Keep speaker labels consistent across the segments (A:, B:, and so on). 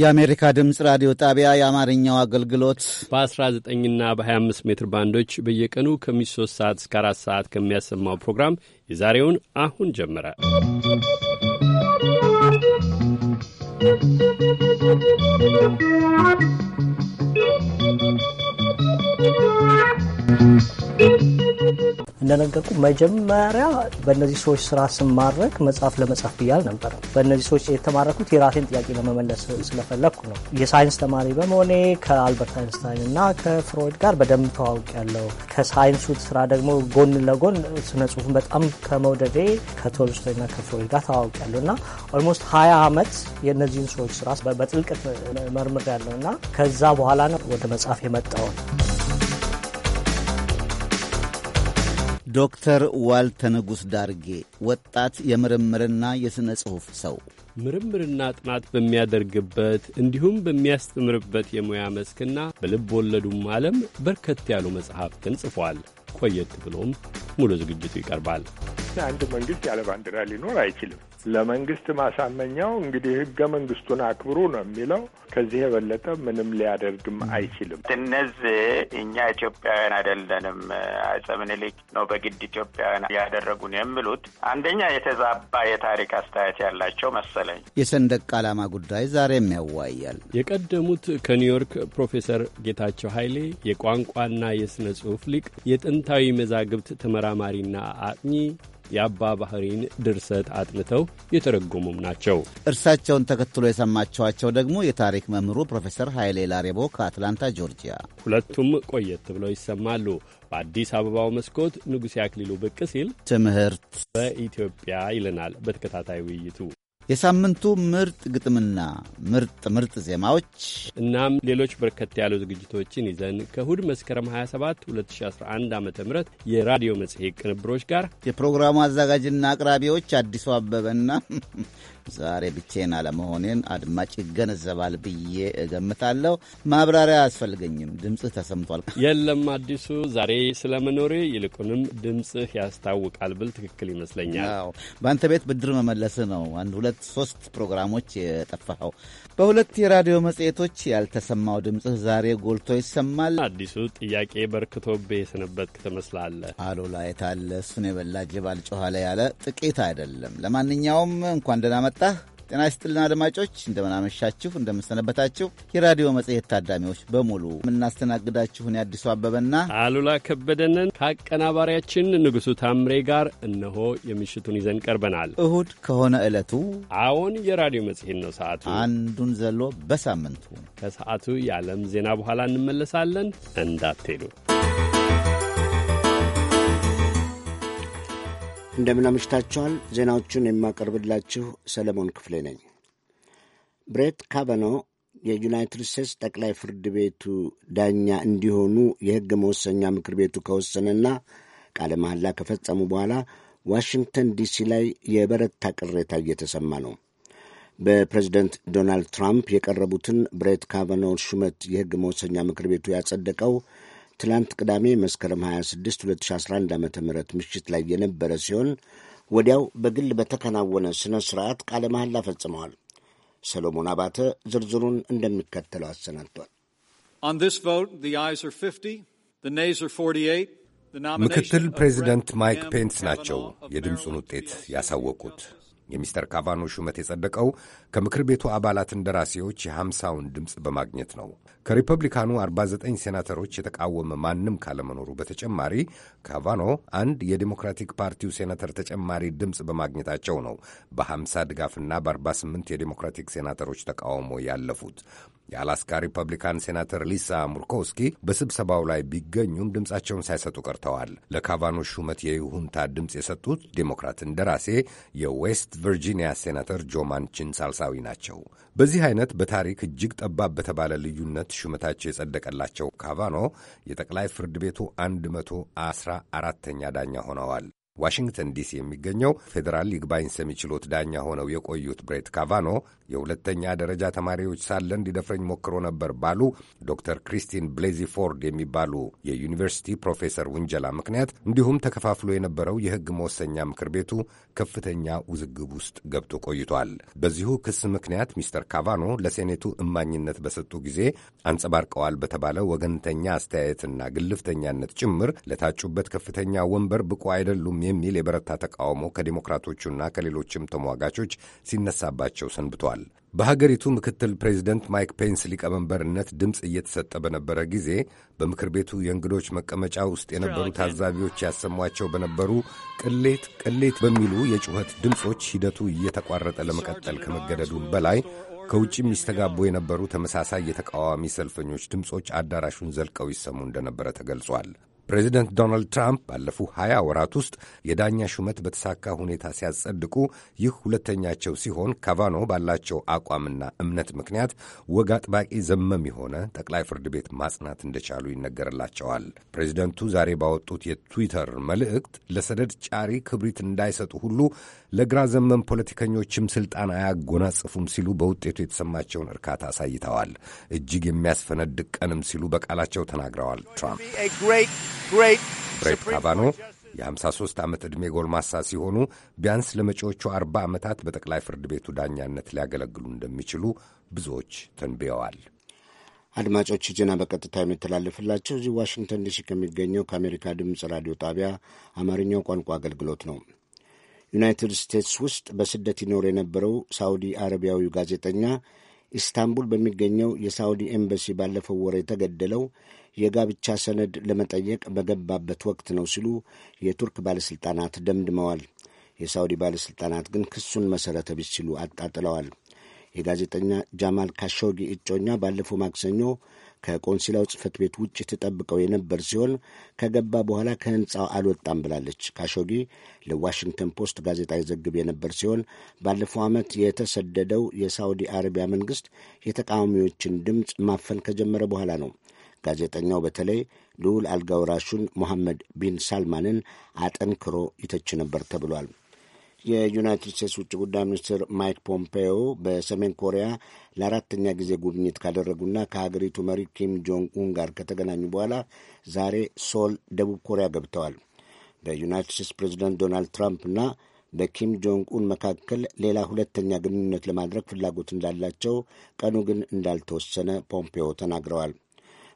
A: የአሜሪካ ድምፅ ራዲዮ ጣቢያ የአማርኛው አገልግሎት
B: በ19ና በ25 ሜትር ባንዶች በየቀኑ ከምሽቱ 3 ሰዓት እስከ 4 ሰዓት ከሚያሰማው ፕሮግራም የዛሬውን አሁን ጀመረ።
C: ¶¶
D: እንደነገርኩ መጀመሪያ በእነዚህ ሰዎች ስራ ስማድረግ መጽሐፍ ለመጻፍ ብያል አልነበረም። በእነዚህ ሰዎች የተማረኩት የራሴን ጥያቄ ለመመለስ ስለፈለግኩ ነው። የሳይንስ ተማሪ በመሆኔ ከአልበርት አይንስታይን እና ከፍሮይድ ጋር በደንብ ተዋውቅ ያለው ከሳይንሱ ስራ ደግሞ ጎን ለጎን ስነ ጽሁፍን በጣም ከመውደዴ ከቶልስቶይና ከፍሮይድ ጋር ተዋውቅ ያለው እና ኦልሞስት ሀያ አመት የእነዚህን ሰዎች ስራ በጥልቀት መርምር ያለው እና ከዛ በኋላ ነው ወደ መጽሐፍ የመጣውን
A: ዶክተር ዋልተ ንጉሥ ዳርጌ ወጣት የምርምርና የሥነ ጽሑፍ ሰው
B: ምርምርና ጥናት በሚያደርግበት እንዲሁም በሚያስተምርበት የሙያ መስክና በልብ ወለዱም ዓለም በርከት ያሉ መጽሐፍትን ጽፏል። ቆየት ብሎም ሙሉ ዝግጅቱ ይቀርባል።
E: አንድ መንግስት ያለ ባንዲራ ሊኖር አይችልም። ለመንግስት ማሳመኛው እንግዲህ ህገ መንግስቱን አክብሩ ነው የሚለው። ከዚህ የበለጠ ምንም ሊያደርግም አይችልም።
F: እነዚህ እኛ ኢትዮጵያውያን አይደለንም፣ አፄ ምኒልክ ነው በግድ ኢትዮጵያውያን ያደረጉን የሚሉት አንደኛ የተዛባ የታሪክ አስተያየት ያላቸው መሰለኝ።
B: የሰንደቅ ዓላማ ጉዳይ ዛሬም ያዋያል። የቀደሙት ከኒውዮርክ ፕሮፌሰር ጌታቸው ኃይሌ የቋንቋና የሥነ ጽሑፍ ሊቅ የጥን ጥንታዊ መዛግብት ተመራማሪና አጥኚ የአባ ባህሪን ድርሰት አጥንተው የተረጎሙም ናቸው።
A: እርሳቸውን ተከትሎ የሰማችኋቸው ደግሞ የታሪክ መምህሩ ፕሮፌሰር ኃይሌ ላሬቦ ከአትላንታ ጆርጂያ።
B: ሁለቱም ቆየት ብለው ይሰማሉ። በአዲስ አበባው መስኮት ንጉሴ አክሊሉ ብቅ ሲል
A: ትምህርት
B: በኢትዮጵያ ይለናል በተከታታይ ውይይቱ
A: የሳምንቱ ምርጥ ግጥምና ምርጥ ምርጥ ዜማዎች
B: እናም ሌሎች በርከት ያሉ ዝግጅቶችን ይዘን ከእሁድ መስከረም 27 2011 ዓ ም የራዲዮ መጽሔት ቅንብሮች ጋር
A: የፕሮግራሙ አዘጋጅና አቅራቢዎች አዲሱ አበበና ዛሬ ብቼን አለመሆኔን አድማጭ ይገነዘባል ብዬ እገምታለሁ። ማብራሪያ አያስፈልገኝም። ድምፅህ ተሰምቷል።
B: የለም አዲሱ ዛሬ ስለመኖሬ ይልቁንም ድምፅህ ያስታውቃል ብል ትክክል ይመስለኛል።
A: በአንተ ቤት ብድር መመለስ ነው። አንድ ሁለት ሶስት ፕሮግራሞች የጠፋኸው በሁለት የራዲዮ መጽሔቶች ያልተሰማው ድምፅህ ዛሬ ጎልቶ ይሰማል። አዲሱ ጥያቄ በርክቶብህ የሰነበትክ ትመስላለህ። አሉላ የታለ እሱን የበላ ጅብ ያለ ጥቂት አይደለም። ለማንኛውም እንኳን ደህና መጣ መጣህ። ጤና ይስጥልን አድማጮች፣ እንደምናመሻችሁ፣ እንደምንሰነበታችሁ የራዲዮ መጽሔት ታዳሚዎች በሙሉ የምናስተናግዳችሁን የአዲሱ አበበና
B: አሉላ ከበደንን ከአቀናባሪያችን ንጉሡ ታምሬ ጋር እነሆ የምሽቱን ይዘን ቀርበናል። እሁድ ከሆነ ዕለቱ አዎን፣ የራዲዮ መጽሔት ነው። ሰዓቱ አንዱን ዘሎ በሳምንቱ ከሰዓቱ የዓለም ዜና በኋላ እንመለሳለን። እንዳትሄዱ።
G: እንደምን አምሽታችኋል። ዜናዎቹን የማቀርብላችሁ ሰለሞን ክፍሌ ነኝ። ብሬት ካቫኖ የዩናይትድ ስቴትስ ጠቅላይ ፍርድ ቤቱ ዳኛ እንዲሆኑ የሕግ መወሰኛ ምክር ቤቱ ከወሰነና ቃለ መሐላ ከፈጸሙ በኋላ ዋሽንግተን ዲሲ ላይ የበረታ ቅሬታ እየተሰማ ነው። በፕሬዝደንት ዶናልድ ትራምፕ የቀረቡትን ብሬት ካቨኖ ሹመት የሕግ መወሰኛ ምክር ቤቱ ያጸደቀው ትላንት ቅዳሜ መስከረም 26 2011 ዓ ም ምሽት ላይ የነበረ ሲሆን ወዲያው በግል በተከናወነ ሥነ ሥርዓት ቃለ መሐላ ፈጽመዋል። ሰሎሞን አባተ ዝርዝሩን
H: እንደሚከተለው አሰናድቷል።
A: ምክትል ፕሬዚደንት ማይክ ፔንስ ናቸው
H: የድምፁን ውጤት ያሳወቁት። የሚስተር ካቫኖ ሹመት የጸደቀው ከምክር ቤቱ አባላት እንደራሴዎች የሐምሳውን ድምፅ በማግኘት ነው። ከሪፐብሊካኑ 49 ሴናተሮች የተቃወመ ማንም ካለመኖሩ በተጨማሪ ካቫኖ አንድ የዴሞክራቲክ ፓርቲው ሴናተር ተጨማሪ ድምፅ በማግኘታቸው ነው በ50 ድጋፍና በ48 የዴሞክራቲክ ሴናተሮች ተቃውሞ ያለፉት። የአላስካ ሪፐብሊካን ሴናተር ሊሳ ሙርኮውስኪ በስብሰባው ላይ ቢገኙም ድምፃቸውን ሳይሰጡ ቀርተዋል። ለካቫኖ ሹመት የይሁንታ ድምፅ የሰጡት ዴሞክራት እንደራሴ የዌስት ቨርጂኒያ ሴናተር ማንችን ሳልሳዊ ናቸው። በዚህ አይነት በታሪክ እጅግ ጠባብ በተባለ ልዩነት ሹመታቸው የጸደቀላቸው ካቫኖ የጠቅላይ ፍርድ ቤቱ 114 ተኛ ዳኛ ሆነዋል። ዋሽንግተን ዲሲ የሚገኘው ፌዴራል ይግባኝ ሰሚ ችሎት ዳኛ ሆነው የቆዩት ብሬት ካቫኖ የሁለተኛ ደረጃ ተማሪዎች ሳለ እንዲደፍረኝ ሞክሮ ነበር ባሉ ዶክተር ክሪስቲን ብሌዚ ፎርድ የሚባሉ የዩኒቨርሲቲ ፕሮፌሰር ውንጀላ ምክንያት እንዲሁም ተከፋፍሎ የነበረው የሕግ መወሰኛ ምክር ቤቱ ከፍተኛ ውዝግብ ውስጥ ገብቶ ቆይቷል። በዚሁ ክስ ምክንያት ሚስተር ካቫኖ ለሴኔቱ እማኝነት በሰጡ ጊዜ አንጸባርቀዋል በተባለ ወገንተኛ አስተያየትና ግልፍተኛነት ጭምር ለታጩበት ከፍተኛ ወንበር ብቁ አይደሉም የሚል የበረታ ተቃውሞ ከዴሞክራቶቹና ከሌሎችም ተሟጋቾች ሲነሳባቸው ሰንብቷል። በሀገሪቱ ምክትል ፕሬዚደንት ማይክ ፔንስ ሊቀመንበርነት ድምፅ እየተሰጠ በነበረ ጊዜ በምክር ቤቱ የእንግዶች መቀመጫ ውስጥ የነበሩ ታዛቢዎች ያሰሟቸው በነበሩ ቅሌት ቅሌት በሚሉ የጩኸት ድምፆች ሂደቱ እየተቋረጠ ለመቀጠል ከመገደዱም በላይ ከውጭ የሚስተጋቡ የነበሩ ተመሳሳይ የተቃዋሚ ሰልፈኞች ድምፆች አዳራሹን ዘልቀው ይሰሙ እንደነበረ ተገልጿል። ፕሬዚደንት ዶናልድ ትራምፕ ባለፉ 20 ወራት ውስጥ የዳኛ ሹመት በተሳካ ሁኔታ ሲያጸድቁ ይህ ሁለተኛቸው ሲሆን ካቫኖ ባላቸው አቋምና እምነት ምክንያት ወግ አጥባቂ ዘመም የሆነ ጠቅላይ ፍርድ ቤት ማጽናት እንደቻሉ ይነገርላቸዋል። ፕሬዚደንቱ ዛሬ ባወጡት የትዊተር መልእክት ለሰደድ ጫሪ ክብሪት እንዳይሰጡ ሁሉ ለግራ ዘመም ፖለቲከኞችም ስልጣን አያጎናጽፉም ሲሉ በውጤቱ የተሰማቸውን እርካታ አሳይተዋል። እጅግ የሚያስፈነድቅ ቀንም ሲሉ በቃላቸው ተናግረዋል
I: ትራምፕ
H: ብሬት ካቫኖ የ53 ዓመት ዕድሜ ጎልማሳ ሲሆኑ ቢያንስ ለመጪዎቹ 40 ዓመታት በጠቅላይ ፍርድ ቤቱ ዳኛነት ሊያገለግሉ እንደሚችሉ ብዙዎች ተንብየዋል። አድማጮች ዜና በቀጥታ የሚተላለፍላቸው እዚህ ዋሽንግተን ዲሲ ከሚገኘው ከአሜሪካ
G: ድምፅ ራዲዮ ጣቢያ አማርኛው ቋንቋ አገልግሎት ነው። ዩናይትድ ስቴትስ ውስጥ በስደት ይኖር የነበረው ሳውዲ አረቢያዊ ጋዜጠኛ ኢስታንቡል በሚገኘው የሳውዲ ኤምባሲ ባለፈው ወር የተገደለው የጋብቻ ሰነድ ለመጠየቅ በገባበት ወቅት ነው ሲሉ የቱርክ ባለሥልጣናት ደምድመዋል። የሳውዲ ባለሥልጣናት ግን ክሱን መሠረተ ቢስ ሲሉ አጣጥለዋል። የጋዜጠኛ ጃማል ካሾጊ እጮኛ ባለፈው ማክሰኞ ከቆንሲላው ጽህፈት ቤት ውጭ ተጠብቀው የነበር ሲሆን ከገባ በኋላ ከህንፃው አልወጣም ብላለች። ካሾጊ ለዋሽንግተን ፖስት ጋዜጣ ይዘግብ የነበር ሲሆን ባለፈው ዓመት የተሰደደው የሳውዲ አረቢያ መንግሥት የተቃዋሚዎችን ድምፅ ማፈን ከጀመረ በኋላ ነው። ጋዜጠኛው በተለይ ልዑል አልጋውራሹን ሞሐመድ ቢን ሳልማንን አጠንክሮ ይተች ነበር ተብሏል። የዩናይትድ ስቴትስ ውጭ ጉዳይ ሚኒስትር ማይክ ፖምፔዮ በሰሜን ኮሪያ ለአራተኛ ጊዜ ጉብኝት ካደረጉና ከሀገሪቱ መሪ ኪም ጆንግ ኡን ጋር ከተገናኙ በኋላ ዛሬ ሶል፣ ደቡብ ኮሪያ ገብተዋል። በዩናይትድ ስቴትስ ፕሬዚደንት ዶናልድ ትራምፕና በኪም ጆንግ ኡን መካከል ሌላ ሁለተኛ ግንኙነት ለማድረግ ፍላጎት እንዳላቸው፣ ቀኑ ግን እንዳልተወሰነ ፖምፔዮ ተናግረዋል።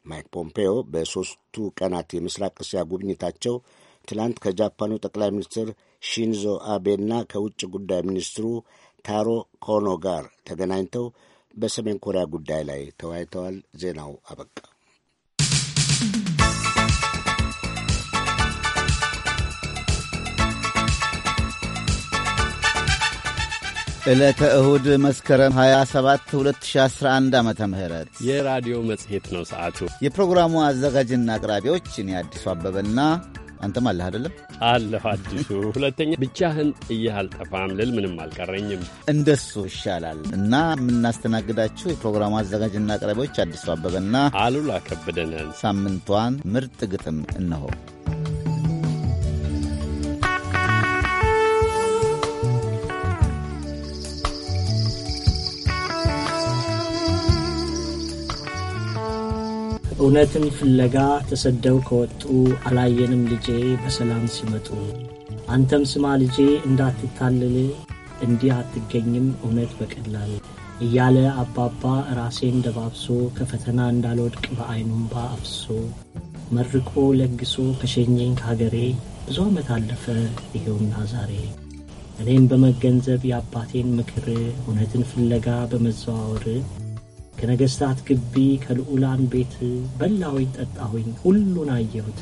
G: ማይክ ፖምፔዮ በሦስቱ ቀናት የምስራቅ እስያ ጉብኝታቸው ትላንት ከጃፓኑ ጠቅላይ ሚኒስትር ሺንዞ አቤና ከውጭ ጉዳይ ሚኒስትሩ ታሮ ኮኖ ጋር ተገናኝተው በሰሜን ኮሪያ ጉዳይ ላይ ተወያይተዋል። ዜናው አበቃ።
A: ዕለተ እሁድ መስከረም 27 2011 ዓ ም የራዲዮ መጽሔት ነው ሰዓቱ። የፕሮግራሙ አዘጋጅና አቅራቢዎች እኔ አዲሱ አበበና
B: አንተም አለህ አይደለም? አለሁ አዲሱ። ሁለተኛ ብቻህን ጥዬህ አልጠፋም ልል ምንም አልቀረኝም።
A: እንደሱ ይሻላል እና የምናስተናግዳችሁ የፕሮግራሙ አዘጋጅና አቅራቢዎች አዲሱ አበበና አሉላ ከበደነን። ሳምንቷን ምርጥ ግጥም እነሆ።
D: እውነትን ፍለጋ ተሰደው ከወጡ አላየንም ልጄ በሰላም ሲመጡ። አንተም ስማ ልጄ እንዳትታልል እንዲህ አትገኝም እውነት በቀላል እያለ አባባ ራሴን ደባብሶ ከፈተና እንዳልወድቅ በአይኑምባ አፍሶ መርቆ ለግሶ ከሸኘኝ ከሀገሬ ብዙ ዓመት አለፈ ይሄውና ዛሬ። እኔም በመገንዘብ የአባቴን ምክር እውነትን ፍለጋ በመዘዋወር ከነገሥታት ግቢ ከልዑላን ቤት በላሁኝ፣ ጠጣሁኝ፣ ሁሉን አየሁት።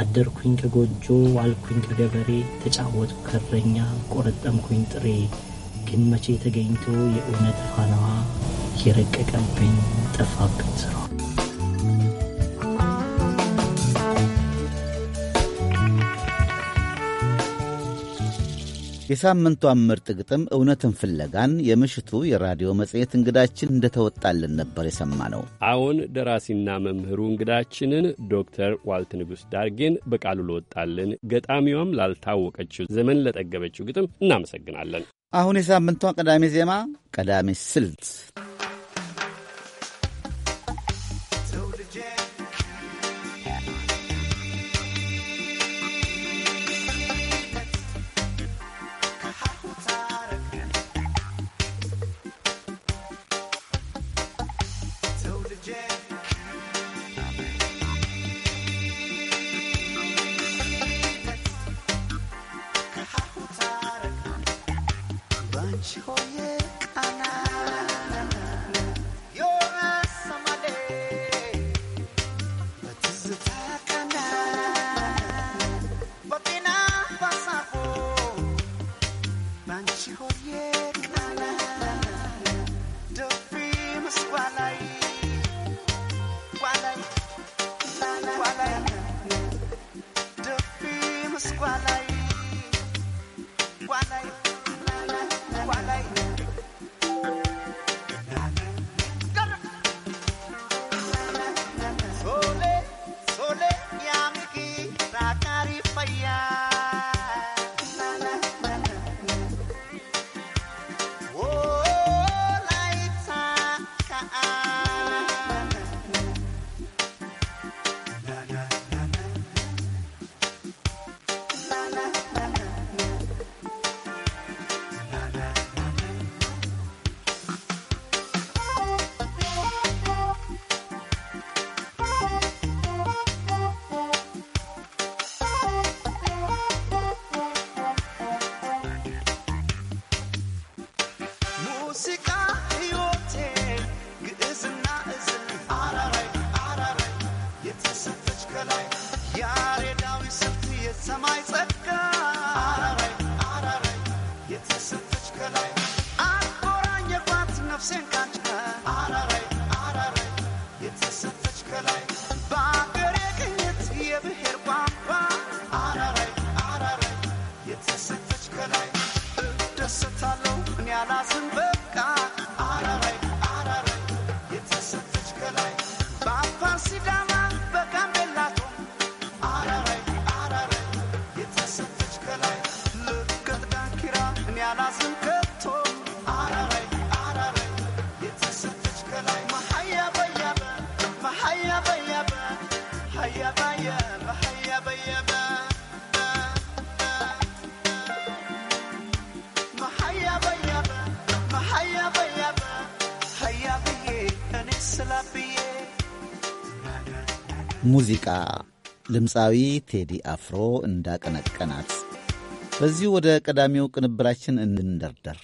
D: አደርኩኝ ከጎጆ ዋልኩኝ ከገበሬ ተጫወትኩ ከረኛ ቆረጠምኩኝ ጥሬ ግን መቼ ተገኝቶ የእውነት ፋናዋ የረቀቀብኝ ጠፋብኝ ስሯ
A: የሳምንቷን ምርጥ ግጥም እውነትን ፍለጋን የምሽቱ የራዲዮ መጽሔት እንግዳችን እንደተወጣልን ነበር የሰማ ነው።
B: አሁን ደራሲና መምህሩ እንግዳችንን ዶክተር ዋልት ንጉሥ ዳርጌን በቃሉ ለወጣልን ገጣሚዋም ላልታወቀችው ዘመን ለጠገበችው ግጥም እናመሰግናለን።
A: አሁን የሳምንቷን ቀዳሚ ዜማ ቀዳሚ ስልት ሙዚቃ ድምፃዊ ቴዲ አፍሮ እንዳቀነቀናት በዚሁ ወደ ቀዳሚው ቅንብራችን
B: እንንደርደር።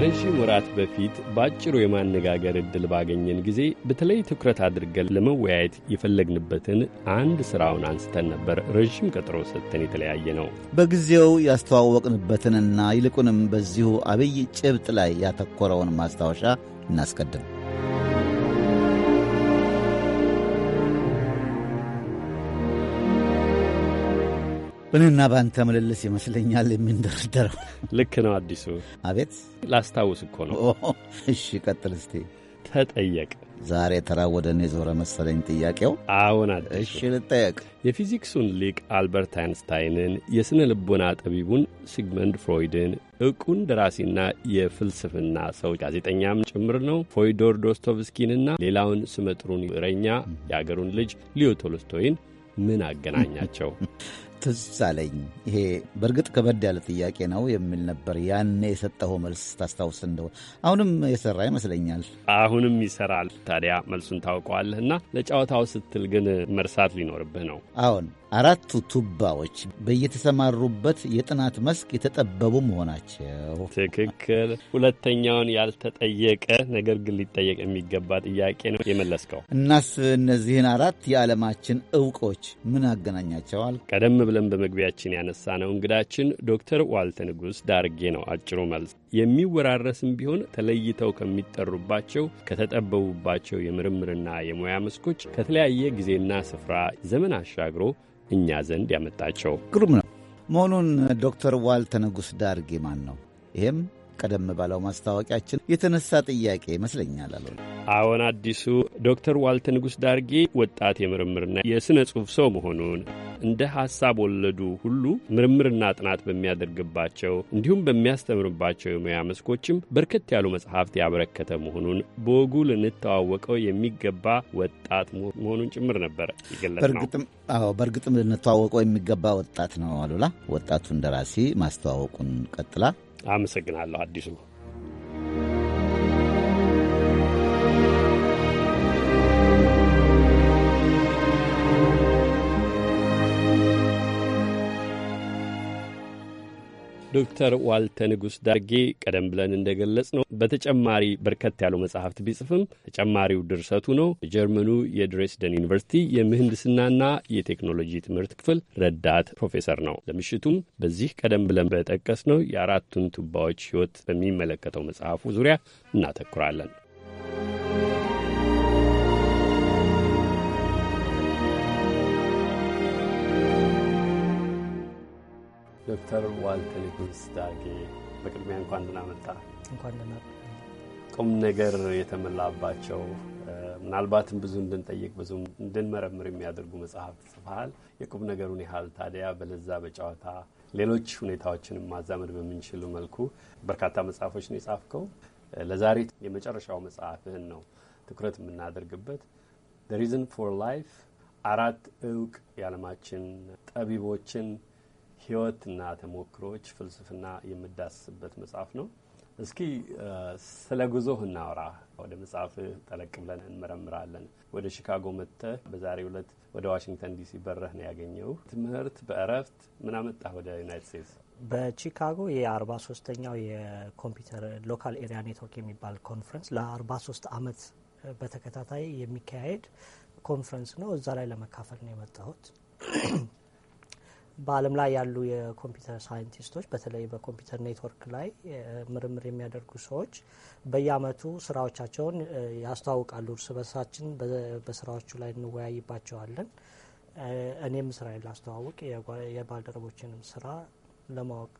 B: ከረዥም ወራት በፊት በአጭሩ የማነጋገር ዕድል ባገኘን ጊዜ በተለይ ትኩረት አድርገን ለመወያየት የፈለግንበትን አንድ ሥራውን አንስተን ነበር። ረዥም ቀጠሮ ሰጥተን የተለያየ ነው።
A: በጊዜው ያስተዋወቅንበትንና ይልቁንም በዚሁ አብይ ጭብጥ ላይ ያተኮረውን ማስታወሻ እናስቀድም። ብንና በአንተ ምልልስ ይመስለኛል የሚንደረደረው።
B: ልክ ነው አዲሱ። አቤት ላስታውስ እኮ ነው። እሺ ቀጥል እስቲ። ተጠየቅ ዛሬ ተራ ወደ እኔ ዞረ መሰለኝ ጥያቄው። አዎን አዲሱ፣ እሺ ልጠየቅ። የፊዚክሱን ሊቅ አልበርት አይንስታይንን፣ የሥነ ልቦና ጠቢቡን ሲግመንድ ፍሮይድን፣ ዕቁን ደራሲና የፍልስፍና ሰው ጋዜጠኛም ጭምር ነው ፎይዶር ዶስቶቭስኪንና ሌላውን ስመጥሩን እረኛ የአገሩን ልጅ ሊዮ ቶልስቶይን ምን አገናኛቸው?
A: ትዝ አለኝ። ይሄ በእርግጥ ከበድ ያለ ጥያቄ ነው የሚል ነበር ያኔ የሰጠኸው መልስ ታስታውስ እንደሆነ። አሁንም የሰራ ይመስለኛል።
B: አሁንም ይሰራል። ታዲያ መልሱን ታውቀዋለህ እና ለጨዋታው ስትል ግን መርሳት ሊኖርብህ ነው።
A: አሁን አራቱ ቱባዎች በየተሰማሩበት የጥናት መስክ የተጠበቡ መሆናቸው
B: ትክክል። ሁለተኛውን ያልተጠየቀ ነገር ግን ሊጠየቅ የሚገባ ጥያቄ ነው የመለስከው።
A: እናስ እነዚህን አራት የዓለማችን እውቆች ምን አገናኛቸዋል?
B: ቀደም ብለን በመግቢያችን ያነሳ ነው እንግዳችን ዶክተር ዋልተ ንጉሥ ዳርጌ ነው አጭሩ መልስ። የሚወራረስም ቢሆን ተለይተው ከሚጠሩባቸው ከተጠበቡባቸው የምርምርና የሙያ መስኮች ከተለያየ ጊዜና ስፍራ ዘመን አሻግሮ እኛ ዘንድ ያመጣቸው
A: ግሩም ነው መሆኑን ዶክተር ዋልተ ንጉሥ ዳርጌ ማን ነው ይህም ቀደም ባለው ማስታወቂያችን የተነሳ ጥያቄ ይመስለኛል። አሉ
B: አዎን፣ አዲሱ ዶክተር ዋልተ ንጉሥ ዳርጌ ወጣት የምርምርና የሥነ ጽሑፍ ሰው መሆኑን እንደ ሐሳብ ወለዱ ሁሉ ምርምርና ጥናት በሚያደርግባቸው እንዲሁም በሚያስተምርባቸው የሙያ መስኮችም በርከት ያሉ መጽሐፍት ያበረከተ መሆኑን በወጉ ልንተዋወቀው የሚገባ ወጣት መሆኑን ጭምር ነበረ የገለጽ
A: በእርግጥም ልንተዋወቀው የሚገባ ወጣት ነው። አሉላ ወጣቱ እንደራሴ ማስተዋወቁን ቀጥላ
B: አመሰግናለሁ አዲሱ። ዶክተር ዋልተ ንጉሥ ዳርጌ ቀደም ብለን እንደገለጽ ነው በተጨማሪ በርከት ያሉ መጽሐፍት ቢጽፍም ተጨማሪው ድርሰቱ ነው። የጀርመኑ የድሬስደን ዩኒቨርሲቲ የምህንድስናና የቴክኖሎጂ ትምህርት ክፍል ረዳት ፕሮፌሰር ነው። ለምሽቱም በዚህ ቀደም ብለን በጠቀስ ነው የአራቱን ቱባዎች ሕይወት በሚመለከተው መጽሐፉ ዙሪያ እናተኩራለን። ዶክተር ዋልተ ሊኩንስ ዳጌ በቅድሚያ እንኳን ደህና መጣ። እንኳን ደህና ቁም ነገር የተመላባቸው ምናልባትም ብዙ እንድንጠይቅ ብዙ እንድንመረምር የሚያደርጉ መጽሐፍ ጽፈሃል። የቁም ነገሩን ያህል ታዲያ በለዛ በጨዋታ ሌሎች ሁኔታዎችን ማዛመድ በምንችሉ መልኩ በርካታ መጽሐፎች ነው የጻፍከው። ለዛሬ የመጨረሻው መጽሐፍህን ነው ትኩረት የምናደርግበት ዘ ሪዝን ፎር ላይፍ አራት እውቅ የዓለማችን ጠቢቦችን ህይወትና ተሞክሮች ፍልስፍና የምዳስስበት መጽሐፍ ነው። እስኪ ስለ ጉዞህ እናውራ። ወደ መጽሐፍህ ጠለቅ ብለን እንመረምራለን። ወደ ቺካጎ መጥተህ በዛሬው ዕለት ወደ ዋሽንግተን ዲሲ በረህ ነው ያገኘው። ትምህርት በእረፍት ምን አመጣህ ወደ ዩናይት ስቴትስ?
D: በቺካጎ የአርባ ሶስተኛው የኮምፒውተር ሎካል ኤሪያ ኔትወርክ የሚባል ኮንፈረንስ ለአርባ ሶስት አመት በተከታታይ የሚካሄድ ኮንፈረንስ ነው። እዛ ላይ ለመካፈል ነው የመጣሁት። በዓለም ላይ ያሉ የኮምፒውተር ሳይንቲስቶች በተለይ በኮምፒውተር ኔትወርክ ላይ ምርምር የሚያደርጉ ሰዎች በየዓመቱ ስራዎቻቸውን ያስተዋውቃሉ። እርስ በርሳችን በስራዎቹ ላይ እንወያይባቸዋለን። እኔም ስራዬን ላስተዋውቅ የባልደረቦችንም ስራ ለማወቅ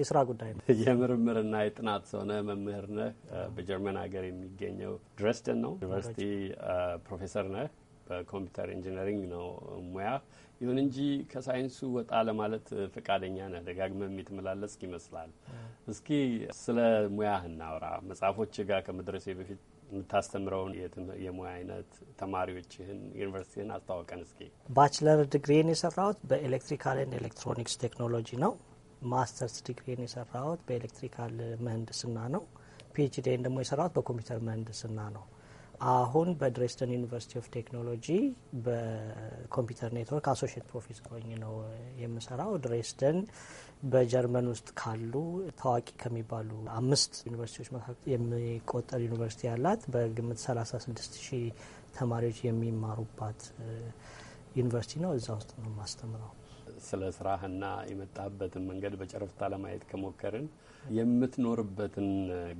D: የስራ ጉዳይ ነው።
B: የምርምርና የጥናት ሆነ መምህር ነህ። በጀርመን ሀገር የሚገኘው ድረስደን ነው ዩኒቨርሲቲ ፕሮፌሰር ነህ። በኮምፒውተር ኢንጂነሪንግ ነው ሙያ። ይሁን እንጂ ከሳይንሱ ወጣ ለማለት ፈቃደኛ ነህ። ደጋግመህ የተመላለስክ ይመስላል። እስኪ ስለ ሙያህ እናውራ። መጽሐፎች ጋር ከመድረሴ በፊት የምታስተምረውን የሙያ አይነት ተማሪዎችህን፣ ዩኒቨርሲቲህን አስተዋወቀን እስኪ።
D: ባችለር ዲግሪን የሰራሁት በኤሌክትሪካል በኤሌክትሪካልን ኤሌክትሮኒክስ ቴክኖሎጂ ነው። ማስተርስ ዲግሪን የሰራሁት በኤሌክትሪካል ምህንድስና ነው። ፒኤችዲን ደግሞ የሰራሁት በኮምፒውተር ምህንድስና ነው። አሁን በድሬስተን ዩኒቨርሲቲ ኦፍ ቴክኖሎጂ በኮምፒውተር ኔትወርክ አሶሽት ፕሮፌሰር ሆኝ ነው የምሰራው። ድሬስደን በጀርመን ውስጥ ካሉ ታዋቂ ከሚባሉ አምስት ዩኒቨርሲቲዎች መካከል የሚቆጠር ዩኒቨርሲቲ ያላት በግምት 36 ሺህ ተማሪዎች የሚማሩባት ዩኒቨርሲቲ ነው። እዛ ውስጥ ነው የማስተምረው።
B: ስለ ስራህና የመጣበትን መንገድ በጨረፍታ ለማየት ከሞከርን የምትኖርበትን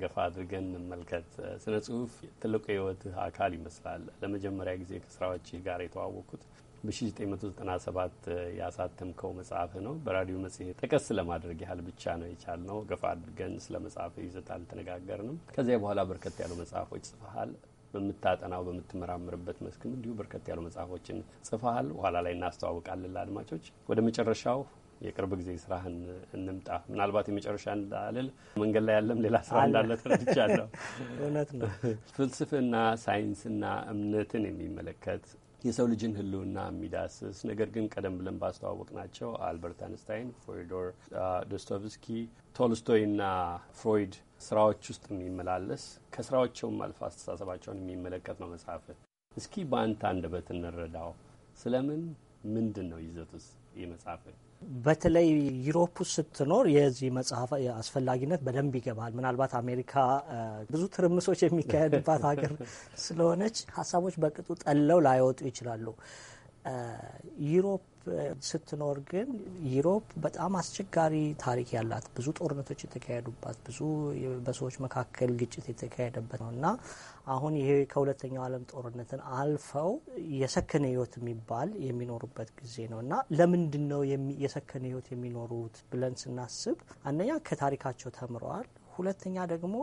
B: ገፋ አድርገን እንመልከት። ስነ ጽሁፍ ትልቁ የህይወትህ አካል ይመስላል። ለመጀመሪያ ጊዜ ከስራዎችህ ጋር የተዋወቁት በ1997 ያሳተምከው መጽሐፍ ነው። በራዲዮ መጽሔት ጠቀስ ለማድረግ ያህል ብቻ ነው የቻልነው። ገፋ አድርገን ስለ መጽሐፍ ይዘት አልተነጋገርንም። ከዚያ በኋላ በርከት ያሉ መጽሐፎች ጽፈሃል። በምታጠናው በምትመራምርበት መስክም እንዲሁ በርከት ያሉ መጽሐፎችን ጽፈሃል። ኋላ ላይ እናስተዋውቃለን ለአድማጮች። ወደ መጨረሻው የቅርብ ጊዜ ስራህን እንምጣ። ምናልባት የመጨረሻ እንዳልል መንገድ ላይ ያለም ሌላ ስራ እንዳለ ተረድቻለሁ። እውነት ነው። ፍልስፍና ሳይንስና እምነትን የሚመለከት የሰው ልጅን ህልውና የሚዳስስ ነገር ግን ቀደም ብለን ባስተዋወቅ ናቸው አልበርት አንስታይን፣ ፎዶር ዶስቶቭስኪ፣ ቶልስቶይና ፍሮይድ ስራዎች ውስጥ የሚመላለስ ከስራዎቸውም አልፎ አስተሳሰባቸውን የሚመለከት ነው መጽሐፍ። እስኪ በአንተ አንደበት እንረዳው። ስለምን ምንድን ነው ይዘቱስ ይህ
D: በተለይ ዩሮፕ ስትኖር የዚህ መጽሐፍ አስፈላጊነት በደንብ ይገባል። ምናልባት አሜሪካ ብዙ ትርምሶች የሚካሄድባት ሀገር ስለሆነች ሀሳቦች በቅጡ ጠለው ላይወጡ ይችላሉ። ዩሮፕ ስትኖር ግን ዩሮፕ በጣም አስቸጋሪ ታሪክ ያላት ብዙ ጦርነቶች የተካሄዱባት ብዙ በሰዎች መካከል ግጭት የተካሄደበት ነው እና አሁን ይሄ ከሁለተኛው ዓለም ጦርነትን አልፈው የሰከነ ህይወት የሚባል የሚኖሩበት ጊዜ ነው እና ለምንድን ነው የሰከነ ህይወት የሚኖሩት ብለን ስናስብ አንደኛ ከታሪካቸው ተምረዋል። ሁለተኛ ደግሞ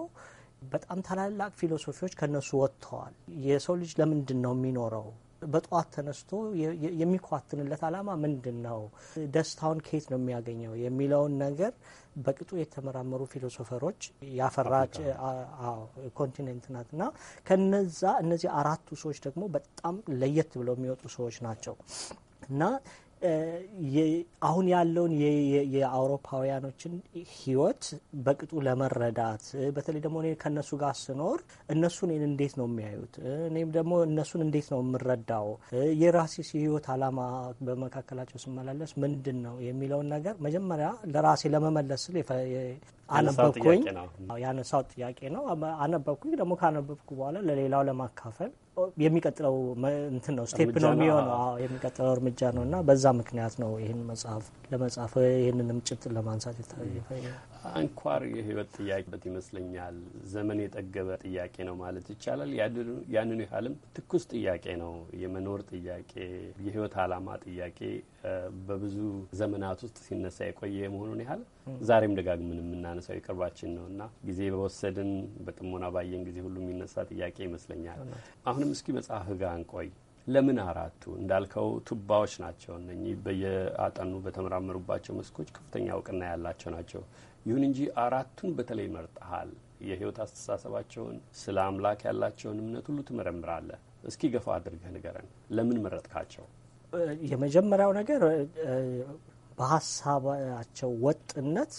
D: በጣም ታላላቅ ፊሎሶፊዎች ከነሱ ወጥተዋል። የሰው ልጅ ለምንድን ነው የሚኖረው በጠዋት ተነስቶ የሚኳትንለት አላማ ምንድን ነው? ደስታውን ከየት ነው የሚያገኘው? የሚለውን ነገር በቅጡ የተመራመሩ ፊሎሶፈሮች ያፈራች ኮንቲኔንት ናት እና ከነዛ እነዚህ አራቱ ሰዎች ደግሞ በጣም ለየት ብለው የሚወጡ ሰዎች ናቸው እና አሁን ያለውን የአውሮፓውያኖችን ህይወት በቅጡ ለመረዳት በተለይ ደግሞ እኔ ከእነሱ ጋር ስኖር እነሱ እኔን እንዴት ነው የሚያዩት፣ እኔም ደግሞ እነሱን እንዴት ነው የምረዳው፣ የራሴ ህይወት አላማ በመካከላቸው ስመላለስ ምንድን ነው የሚለውን ነገር መጀመሪያ ለራሴ ለመመለስ ስል አነበብኩኝ። ያነሳው ጥያቄ ነው። አነበብኩኝ ደግሞ ካነበብኩ በኋላ ለሌላው ለማካፈል የሚቀጥለው እንትን ነው ስቴፕ ነው የሚሆነው የሚቀጥለው እርምጃ ነው እና በዛ ምክንያት ነው ይህን መጽሐፍ ለመጻፍ ይህንን ምጭት ለማንሳት
B: አንኳር የህይወት ጥያቄበት ይመስለኛል። ዘመን የጠገበ ጥያቄ ነው ማለት ይቻላል። ያንን ያህልም ትኩስ ጥያቄ ነው። የመኖር ጥያቄ፣ የህይወት አላማ ጥያቄ በብዙ ዘመናት ውስጥ ሲነሳ የቆየ የመሆኑን ያህል ዛሬም ደጋግመን የምናነሳው የቅርባችን ነው እና ጊዜ በወሰድን በጥሞና ባየን ጊዜ ሁሉ የሚነሳ ጥያቄ ይመስለኛል አሁን አሁንም እስኪ መጽሐፍ ጋር እንቆይ። ለምን አራቱ እንዳልከው ቱባዎች ናቸው እነኚህ በየአጠኑ በተመራመሩባቸው መስኮች ከፍተኛ እውቅና ያላቸው ናቸው። ይሁን እንጂ አራቱን በተለይ መርጠሃል። የህይወት አስተሳሰባቸውን፣ ስለ አምላክ ያላቸውን እምነት ሁሉ ትመረምራለህ። እስኪ ገፋ አድርገህ ንገረን፣ ለምን መረጥካቸው?
D: የመጀመሪያው ነገር በሀሳባቸው ወጥነት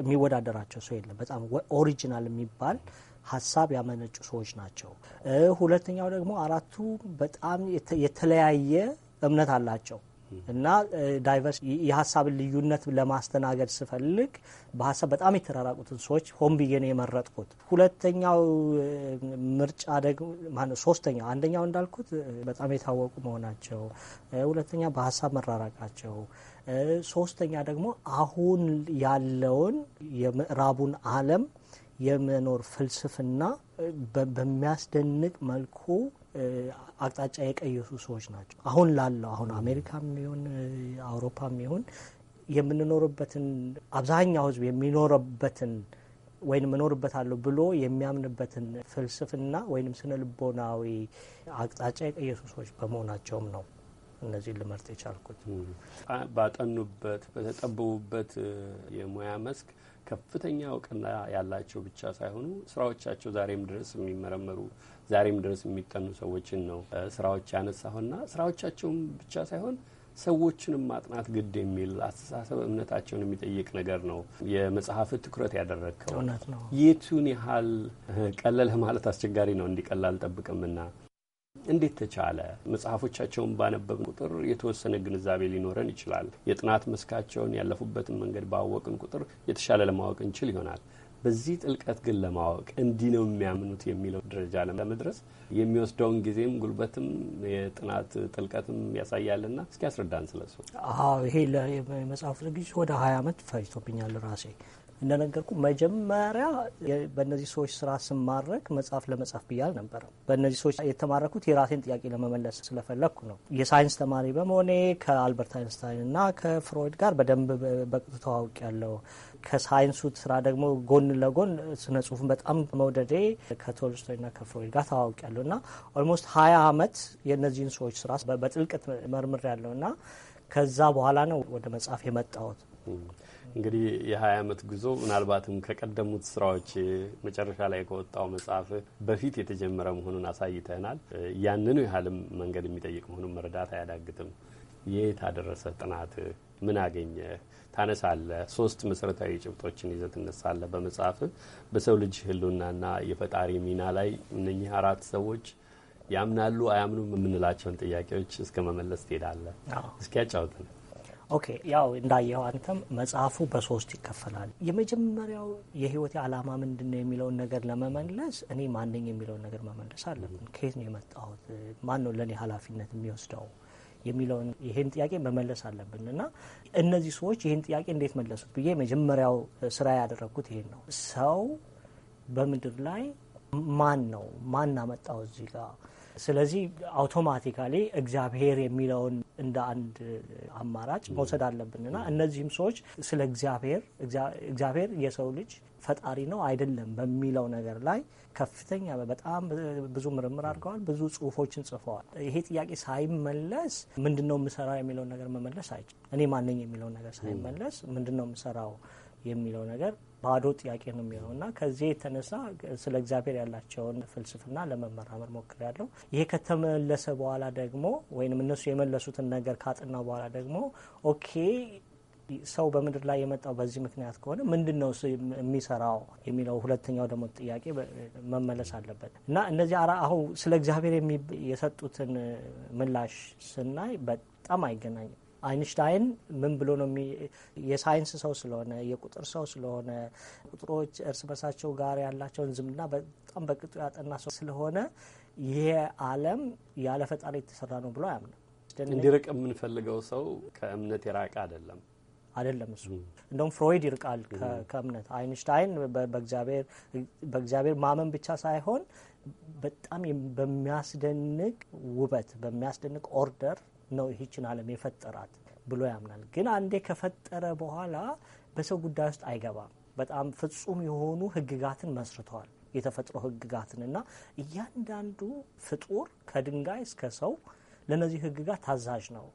D: የሚወዳደራቸው ሰው የለም። በጣም ኦሪጂናል የሚባል ሀሳብ ያመነጩ ሰዎች ናቸው። ሁለተኛው ደግሞ አራቱ በጣም የተለያየ እምነት አላቸው እና ዳይቨርስ የሀሳብን ልዩነት ለማስተናገድ ስፈልግ በሀሳብ በጣም የተራራቁትን ሰዎች ሆን ብዬ ነው የመረጥኩት። ሁለተኛው ምርጫ ደግሞ ሶስተኛው አንደኛው እንዳልኩት በጣም የታወቁ መሆናቸው፣ ሁለተኛ በሀሳብ መራራቃቸው፣ ሶስተኛ ደግሞ አሁን ያለውን የምዕራቡን ዓለም የመኖር ፍልስፍና በሚያስደንቅ መልኩ አቅጣጫ የቀየሱ ሰዎች ናቸው። አሁን ላለው አሁን አሜሪካም ይሁን አውሮፓም ይሁን የምንኖርበትን አብዛኛው ሕዝብ የሚኖርበትን ወይም እኖርበታለሁ ብሎ የሚያምንበትን ፍልስፍና ወይም ስነ ልቦናዊ አቅጣጫ የቀየሱ ሰዎች በመሆናቸውም ነው እነዚህ ልመርጥ የቻልኩት።
B: ባጠኑበት በተጠበቡበት የሙያ መስክ ከፍተኛ እውቅና ያላቸው ብቻ ሳይሆኑ ስራዎቻቸው ዛሬም ድረስ የሚመረመሩ ዛሬም ድረስ የሚጠኑ ሰዎችን ነው ስራዎች ያነሳሁና ስራዎቻቸውም ብቻ ሳይሆን ሰዎችንም ማጥናት ግድ የሚል አስተሳሰብ እምነታቸውን የሚጠይቅ ነገር ነው። የመጽሐፍ ትኩረት ያደረግከው እውነት ነው። የቱን ያህል ቀለልህ ማለት አስቸጋሪ ነው። እንዲቀላል ጠብቅምና እንዴት ተቻለ? መጽሐፎቻቸውን ባነበብ ቁጥር የተወሰነ ግንዛቤ ሊኖረን ይችላል። የጥናት መስካቸውን ያለፉበትን መንገድ ባወቅን ቁጥር የተሻለ ለማወቅ እንችል ይሆናል። በዚህ ጥልቀት ግን ለማወቅ እንዲህ ነው የሚያምኑት የሚለው ደረጃ ለመድረስ የሚወስደውን ጊዜም ጉልበትም የጥናት ጥልቀትም ያሳያልና እስኪ ያስረዳን ስለሱ።
D: አዎ ይሄ የመጽሐፍ ዝግጅት ወደ ሀያ ዓመት ፈጅቶብኛል ራሴ እንደነገርኩ መጀመሪያ በእነዚህ ሰዎች ስራ ስማረክ መጽሐፍ ለመጻፍ ብዬ አልነበረም። በእነዚህ ሰዎች የተማረኩት የራሴን ጥያቄ ለመመለስ ስለፈለግኩ ነው። የሳይንስ ተማሪ በመሆኔ ከአልበርት አይንስታይን እና ከፍሮይድ ጋር በደንብ በቅጡ ተዋውቅ ያለው ከሳይንሱ ስራ ደግሞ ጎን ለጎን ስነ ጽሁፍን በጣም መውደዴ ከቶልስቶይና ከፍሮይድ ጋር ተዋውቅ ያለው እና ኦልሞስት ሀያ አመት የእነዚህን ሰዎች ስራ በጥልቀት መርምር ያለው እና ከዛ በኋላ ነው ወደ መጽሐፍ የመጣሁት።
B: እንግዲህ የሀያ ዓመት ጉዞ ምናልባትም ከቀደሙት ስራዎች መጨረሻ ላይ ከወጣው መጽሐፍ በፊት የተጀመረ መሆኑን አሳይተናል። ያንኑ ያህልም መንገድ የሚጠይቅ መሆኑን መረዳት አያዳግትም። የት አደረሰ ጥናት? ምን አገኘ? ታነሳለ ሶስት መሰረታዊ ጭብጦችን ይዘህ ትነሳለህ በመጽሐፍ በሰው ልጅ ህልውናና የፈጣሪ ሚና ላይ እነኚህ አራት ሰዎች ያምናሉ አያምኑም የምንላቸውን ጥያቄዎች እስከ መመለስ ትሄዳለ። እስኪ ያጫውተን።
D: ኦኬ ያው እንዳየው አንተም መጽሐፉ በሶስት ይከፈላል። የመጀመሪያው የህይወቴ አላማ ምንድን ነው የሚለውን ነገር ለመመለስ እኔ ማንኝ የሚለውን ነገር መመለስ አለብን። ከየት ነው የመጣሁት? ማን ነው ለእኔ ኃላፊነት የሚወስደው የሚለውን ይህን ጥያቄ መመለስ አለብን እና እነዚህ ሰዎች ይህን ጥያቄ እንዴት መለሱት ብዬ የመጀመሪያው ስራ ያደረግኩት ይሄን ነው። ሰው በምድር ላይ ማን ነው? ማን አመጣው እዚህ ጋር ስለዚህ አውቶማቲካሊ እግዚአብሔር የሚለውን እንደ አንድ አማራጭ መውሰድ አለብንና እነዚህም ሰዎች ስለ እግዚአብሔር እግዚአብሔር የሰው ልጅ ፈጣሪ ነው አይደለም በሚለው ነገር ላይ ከፍተኛ በጣም ብዙ ምርምር አድርገዋል። ብዙ ጽሁፎችን ጽፈዋል። ይሄ ጥያቄ ሳይመለስ ምንድን ነው የምሰራው የሚለውን ነገር መመለስ አይችል እኔ ማነኝ የሚለውን ነገር ሳይመለስ ምንድን ነው የምሰራው የሚለው ነገር ባዶ ጥያቄ ነው የሚሆነው እና ከዚህ የተነሳ ስለ እግዚአብሔር ያላቸውን ፍልስፍና ለመመራመር ሞክሬያለሁ። ይሄ ከተመለሰ በኋላ ደግሞ ወይም እነሱ የመለሱትን ነገር ካጥና በኋላ ደግሞ ኦኬ ሰው በምድር ላይ የመጣው በዚህ ምክንያት ከሆነ ምንድን ነው የሚሰራው የሚለው ሁለተኛው ደግሞ ጥያቄ መመለስ አለበት እና እነዚህ አሁን ስለ እግዚአብሔር የሰጡትን ምላሽ ስናይ በጣም አይገናኝም። አይንሽታይን ምን ብሎ ነው የሳይንስ ሰው ስለሆነ የቁጥር ሰው ስለሆነ ቁጥሮች እርስ በሳቸው ጋር ያላቸውን ዝምድና በጣም በቅጡ ያጠና ሰው ስለሆነ ይሄ ዓለም ያለ ፈጣሪ የተሰራ ነው ብሎ አያምንም። እንዲርቅ
B: የምንፈልገው ሰው ከእምነት የራቀ አይደለም
D: አይደለም እሱ እንደውም ፍሮይድ ይርቃል ከእምነት አይንሽታይን በእግዚአብሔር ማመን ብቻ ሳይሆን በጣም በሚያስደንቅ ውበት በሚያስደንቅ ኦርደር ነው ይህችን ዓለም የፈጠራት ብሎ ያምናል። ግን አንዴ ከፈጠረ በኋላ በሰው ጉዳይ ውስጥ አይገባም። በጣም ፍጹም የሆኑ ህግጋትን መስርተዋል። የተፈጥሮ ህግጋትንና እያንዳንዱ ፍጡር ከድንጋይ እስከ ሰው ለነዚህ ህግጋት ታዛዥ ነው።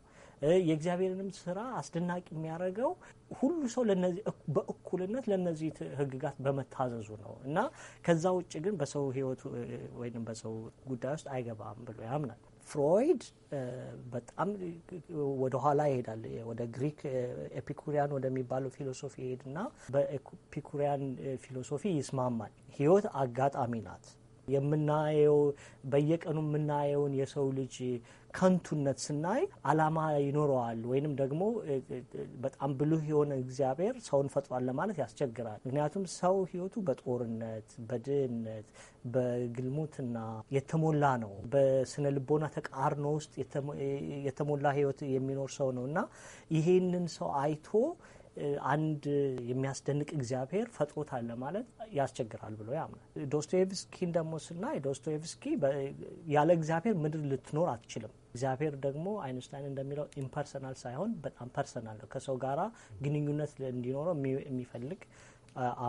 D: የእግዚአብሔርንም ስራ አስደናቂ የሚያደርገው ሁሉ ሰው በእኩልነት ለነዚህ ህግጋት በመታዘዙ ነው እና ከዛ ውጭ ግን በሰው ህይወቱ ወይም በሰው ጉዳይ ውስጥ አይገባም ብሎ ያምናል። ፍሮይድ በጣም ወደኋላ ይሄዳል። ወደ ግሪክ ኤፒኩሪያን ወደሚባለው ፊሎሶፊ ይሄድና በኤፒኩሪያን ፊሎሶፊ ይስማማል። ህይወት አጋጣሚ ናት። የምናየው በየቀኑ የምናየውን የሰው ልጅ ከንቱነት ስናይ አላማ ይኖረዋል ወይንም ደግሞ በጣም ብሉህ የሆነ እግዚአብሔር ሰውን ፈጥሯል ለማለት ያስቸግራል። ምክንያቱም ሰው ህይወቱ በጦርነት፣ በድህነት፣ በግልሙትና የተሞላ ነው። በስነ ልቦና ተቃርኖ ውስጥ የተሞላ ህይወት የሚኖር ሰው ነው እና ይሄንን ሰው አይቶ አንድ የሚያስደንቅ እግዚአብሔር ፈጥሮታል ለማለት ያስቸግራል ብሎ ያምናል። ዶስቶኤቭስኪን ደግሞ ስናይ ዶስቶኤቭስኪ ያለ እግዚአብሔር ምድር ልትኖር አትችልም። እግዚአብሔር ደግሞ አይንስታይን እንደሚለው ኢምፐርሰናል ሳይሆን በጣም ፐርሰናል ነው። ከሰው ጋራ ግንኙነት እንዲኖረው የሚፈልግ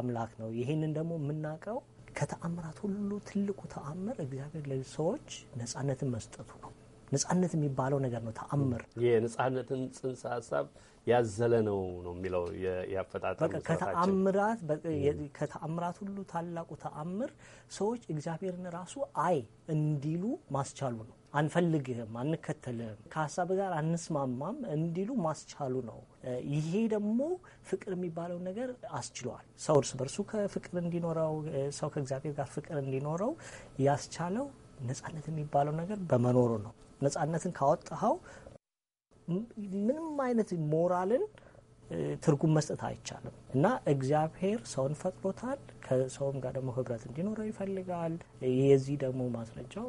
D: አምላክ ነው። ይህንን ደግሞ የምናውቀው ከተአምራት ሁሉ ትልቁ ተአምር እግዚአብሔር ለሰዎች ነጻነትን መስጠቱ ነው። ነጻነት የሚባለው ነገር ነው ተአምር
B: የነጻነትን ጽንሰ ሀሳብ ያዘለ ነው ነው የሚለው ያፈጣጠር ከተአምራት
D: ከተአምራት ሁሉ ታላቁ ተአምር ሰዎች እግዚአብሔርን ራሱ አይ እንዲሉ ማስቻሉ ነው። አንፈልግህም፣ አንከተልህም፣ ከሀሳብ ጋር አንስማማም እንዲሉ ማስቻሉ ነው። ይሄ ደግሞ ፍቅር የሚባለው ነገር አስችሏል። ሰው እርስ በርሱ ከፍቅር እንዲኖረው ሰው ከእግዚአብሔር ጋር ፍቅር እንዲኖረው ያስቻለው ነጻነት የሚባለው ነገር በመኖሩ ነው። ነጻነትን ካወጣኸው ምንም አይነት ሞራልን ትርጉም መስጠት አይቻልም እና እግዚአብሔር ሰውን ፈጥሮታል። ከሰውም ጋር ደግሞ ህብረት እንዲኖረው ይፈልጋል። የዚህ ደግሞ ማስረጃው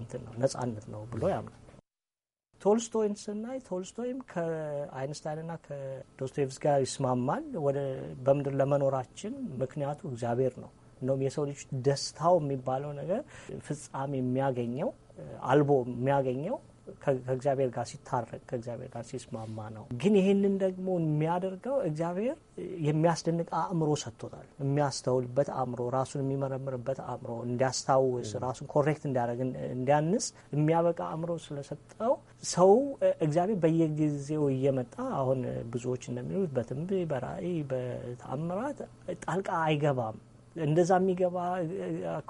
D: እንትን ነው፣ ነጻነት ነው ብሎ ያምናል። ቶልስቶይን ስናይ ቶልስቶይም ከአይንስታይንና ከዶስቶቭስ ጋር ይስማማል። ወደ በምድር ለመኖራችን ምክንያቱ እግዚአብሔር ነው። እንደውም የሰው ልጅ ደስታው የሚባለው ነገር ፍጻሜ የሚያገኘው አልቦ የሚያገኘው ከእግዚአብሔር ጋር ሲታረቅ ከእግዚአብሔር ጋር ሲስማማ ነው። ግን ይህንን ደግሞ የሚያደርገው እግዚአብሔር የሚያስደንቅ አእምሮ ሰጥቶታል። የሚያስተውልበት አእምሮ፣ ራሱን የሚመረምርበት አእምሮ፣ እንዲያስታውስ ራሱን ኮሬክት እንዲያደርግ እንዲያንስ የሚያበቃ አእምሮ ስለሰጠው ሰው እግዚአብሔር በየጊዜው እየመጣ አሁን ብዙዎች እንደሚሉት በትንቢ በራእይ በተአምራት ጣልቃ አይገባም። እንደዛ የሚገባ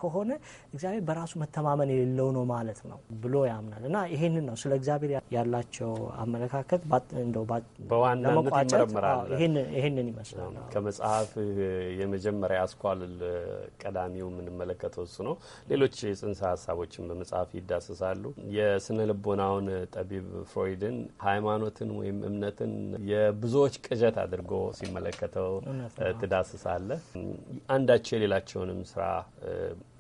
D: ከሆነ እግዚአብሔር በራሱ መተማመን የሌለው ነው ማለት ነው ብሎ ያምናል እና ይሄንን ነው ስለ እግዚአብሔር ያላቸው አመለካከት እንደው ይሄንን
B: ይመስላል። ከመጽሐፍ የመጀመሪያ አስኳል ቀዳሚው የምንመለከተው እሱ ነው። ሌሎች ጽንሰ ሀሳቦችን በመጽሐፍ ይዳሰሳሉ። የስነ ልቦናውን ጠቢብ ፍሮይድን ሃይማኖትን ወይም እምነትን የብዙዎች ቅዠት አድርጎ ሲመለከተው ትዳስሳለህ አንዳቸው አንዳቸው የሌላቸውንም ስራ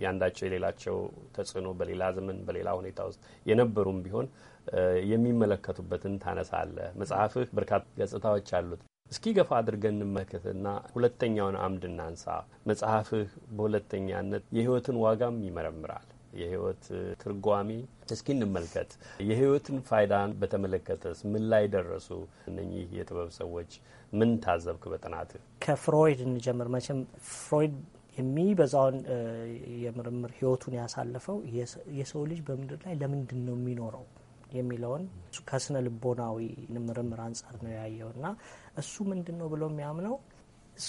B: ያንዳቸው የሌላቸው ተጽዕኖ በሌላ ዘመን በሌላ ሁኔታ ውስጥ የነበሩም ቢሆን የሚመለከቱበትን ታነሳለህ። መጽሐፍህ በርካታ ገጽታዎች አሉት። እስኪ ገፋ አድርገን እንመልከትና ሁለተኛውን አምድ እናንሳ። መጽሐፍህ በሁለተኛነት የህይወትን ዋጋም ይመረምራል። የህይወት ትርጓሜ እስኪ እንመልከት። የህይወትን ፋይዳን በተመለከተስ ምን ላይ ደረሱ እነኚህ የጥበብ ሰዎች? ምን ታዘብክ በጥናትህ?
D: ከፍሮይድ እንጀምር። መቼም ፍሮይድ የሚበዛውን የምርምር ህይወቱን ያሳለፈው የሰው ልጅ በምድር ላይ ለምንድን ነው የሚኖረው የሚለውን ከስነ ልቦናዊ ምርምር አንጻር ነው ያየው እና እሱ ምንድን ነው ብሎ የሚያምነው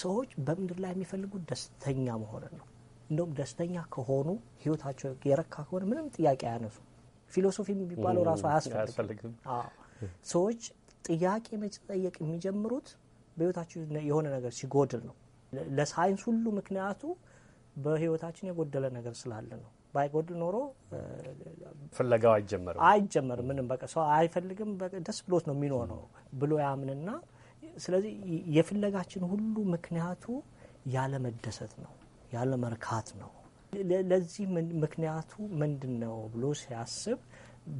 D: ሰዎች በምድር ላይ የሚፈልጉት ደስተኛ መሆንን ነው። እንደውም ደስተኛ ከሆኑ ህይወታቸው የረካ ከሆነ ምንም ጥያቄ አያነሱ። ፊሎሶፊ የሚባለው ራሱ አያስፈልግም። ሰዎች ጥያቄ መጠየቅ የሚጀምሩት በህይወታቸው የሆነ ነገር ሲጎድል ነው። ለሳይንስ ሁሉ ምክንያቱ በህይወታችን የጎደለ ነገር ስላለ ነው። ባይጎድል ኖሮ
B: ፍለጋው አይጀመርም
D: አይጀመርም። ምንም በቃ ሰው አይፈልግም፣ ደስ ብሎት ነው የሚኖረው ብሎ ያምንና ስለዚህ የፍለጋችን ሁሉ ምክንያቱ ያለ መደሰት ነው፣ ያለ መርካት ነው። ለዚህ ምክንያቱ ምንድን ነው ብሎ ሲያስብ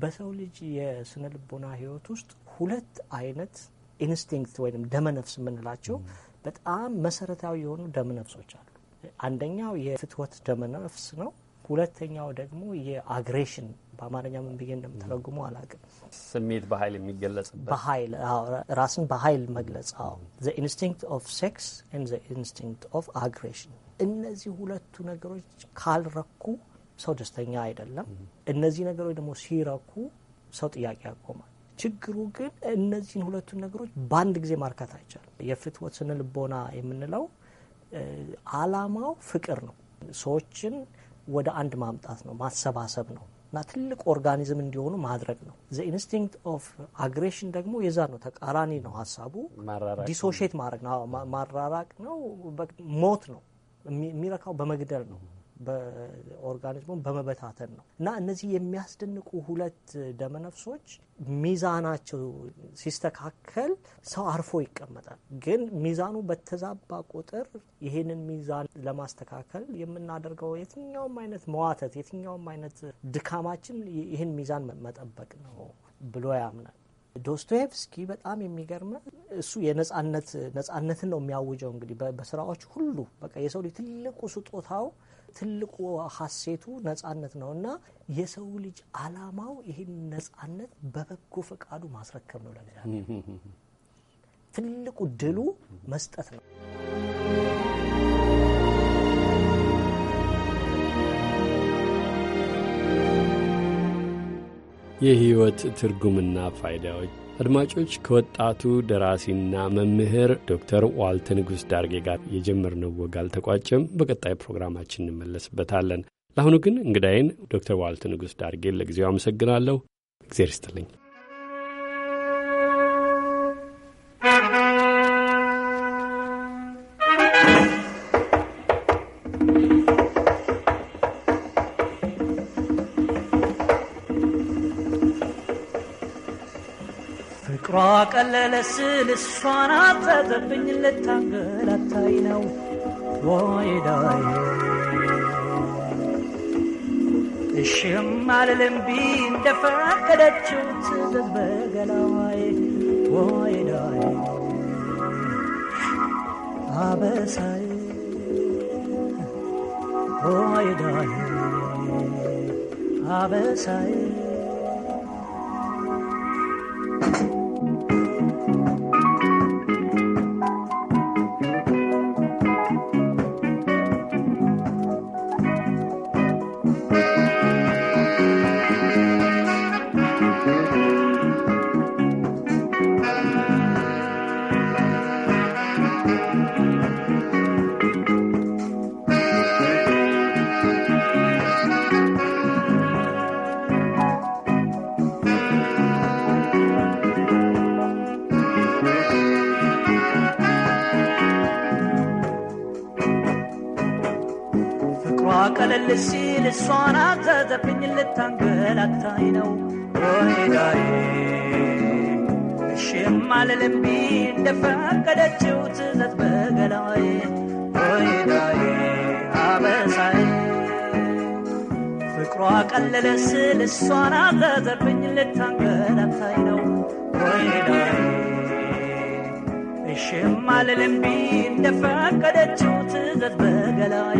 D: በሰው ልጅ የስነ ልቦና ህይወት ውስጥ ሁለት አይነት ኢንስቲንክት ወይም ደመነፍስ የምንላቸው በጣም መሰረታዊ የሆኑ ነፍሶች አሉ። አንደኛው የፍትወት ነፍስ ነው። ሁለተኛው ደግሞ የአግሬሽን በአማርኛ ምን ብዬ እንደምተረጉሙ አላውቅም።
B: ስሜት በኃይል የሚገለጽበት በኃይል
D: ራስን በኃይል መግለጽ ው ዘ ኢንስቲንክት ኦፍ ሴክስ ኤንድ ዘ ኢንስቲንክት ኦፍ አግሬሽን። እነዚህ ሁለቱ ነገሮች ካልረኩ ሰው ደስተኛ አይደለም። እነዚህ ነገሮች ደግሞ ሲረኩ ሰው ጥያቄ ያቆማል። ችግሩ ግን እነዚህን ሁለቱን ነገሮች በአንድ ጊዜ ማርካት አይቻልም። የፍትወት ስነ ልቦና የምንለው አላማው ፍቅር ነው። ሰዎችን ወደ አንድ ማምጣት ነው፣ ማሰባሰብ ነው እና ትልቅ ኦርጋኒዝም እንዲሆኑ ማድረግ ነው። ዘ ኢንስቲንክት ኦፍ አግሬሽን ደግሞ የዛ ነው፣ ተቃራኒ ነው። ሀሳቡ ዲሶሼት ማድረግ ነው፣ ማራራቅ ነው፣ ሞት ነው። የሚረካው በመግደል ነው። ኦርጋኒዝሙን በመበታተን ነው እና እነዚህ የሚያስደንቁ ሁለት ደመነፍሶች ሚዛናቸው ሲስተካከል ሰው አርፎ ይቀመጣል። ግን ሚዛኑ በተዛባ ቁጥር ይህንን ሚዛን ለማስተካከል የምናደርገው የትኛውም አይነት መዋተት፣ የትኛውም አይነት ድካማችን ይህን ሚዛን መጠበቅ ነው ብሎ ያምናል። ዶስቶየቭስኪ በጣም የሚገርም እሱ የነጻነት ነጻነትን ነው የሚያውጀው። እንግዲህ በስራዎች ሁሉ በቃ የሰው ልጅ ትልቁ ስጦታው ትልቁ ሀሴቱ ነጻነት ነው እና የሰው ልጅ አላማው ይህን ነጻነት በበጎ ፈቃዱ ማስረከብ ነው። ለሌላ ትልቁ ድሉ መስጠት ነው።
B: የሕይወት ትርጉምና ፋይዳዎች አድማጮች ከወጣቱ ደራሲና መምህር ዶክተር ዋልተ ንጉሥ ዳርጌ ጋር የጀመርነው ወግ አልተቋጨም። በቀጣይ ፕሮግራማችን እንመለስበታለን። ለአሁኑ ግን እንግዳይን ዶክተር ዋልተ ንጉሥ ዳርጌን ለጊዜው አመሰግናለሁ። እግዜር ይስጥልኝ።
C: ቀለለ ስል እሷን አጠገብኝ ልታንገላታይ ነው ወይዳይ እሽም አልልም ቢ እንደፈቀደችው ትዝት በገላዋዬ ወይዳዬ አበሳዬ ወይዳዬ ቀለል ሲል እሷን አዘዘብኝ ልታንገላታኝ ነው ወይዳዬ እሽም አልልምቢ እንደፈቀደችው ትዘት በገላዬ ወይዳዬ አበሳዬ ፍቅሯ ቀለለ ስል እሷን አዘዘብኝ ልታንገላታኝ ነው ወይዳዬ እሽም አልልምቢ እንደፈቀደችው ትዘት በገላዬ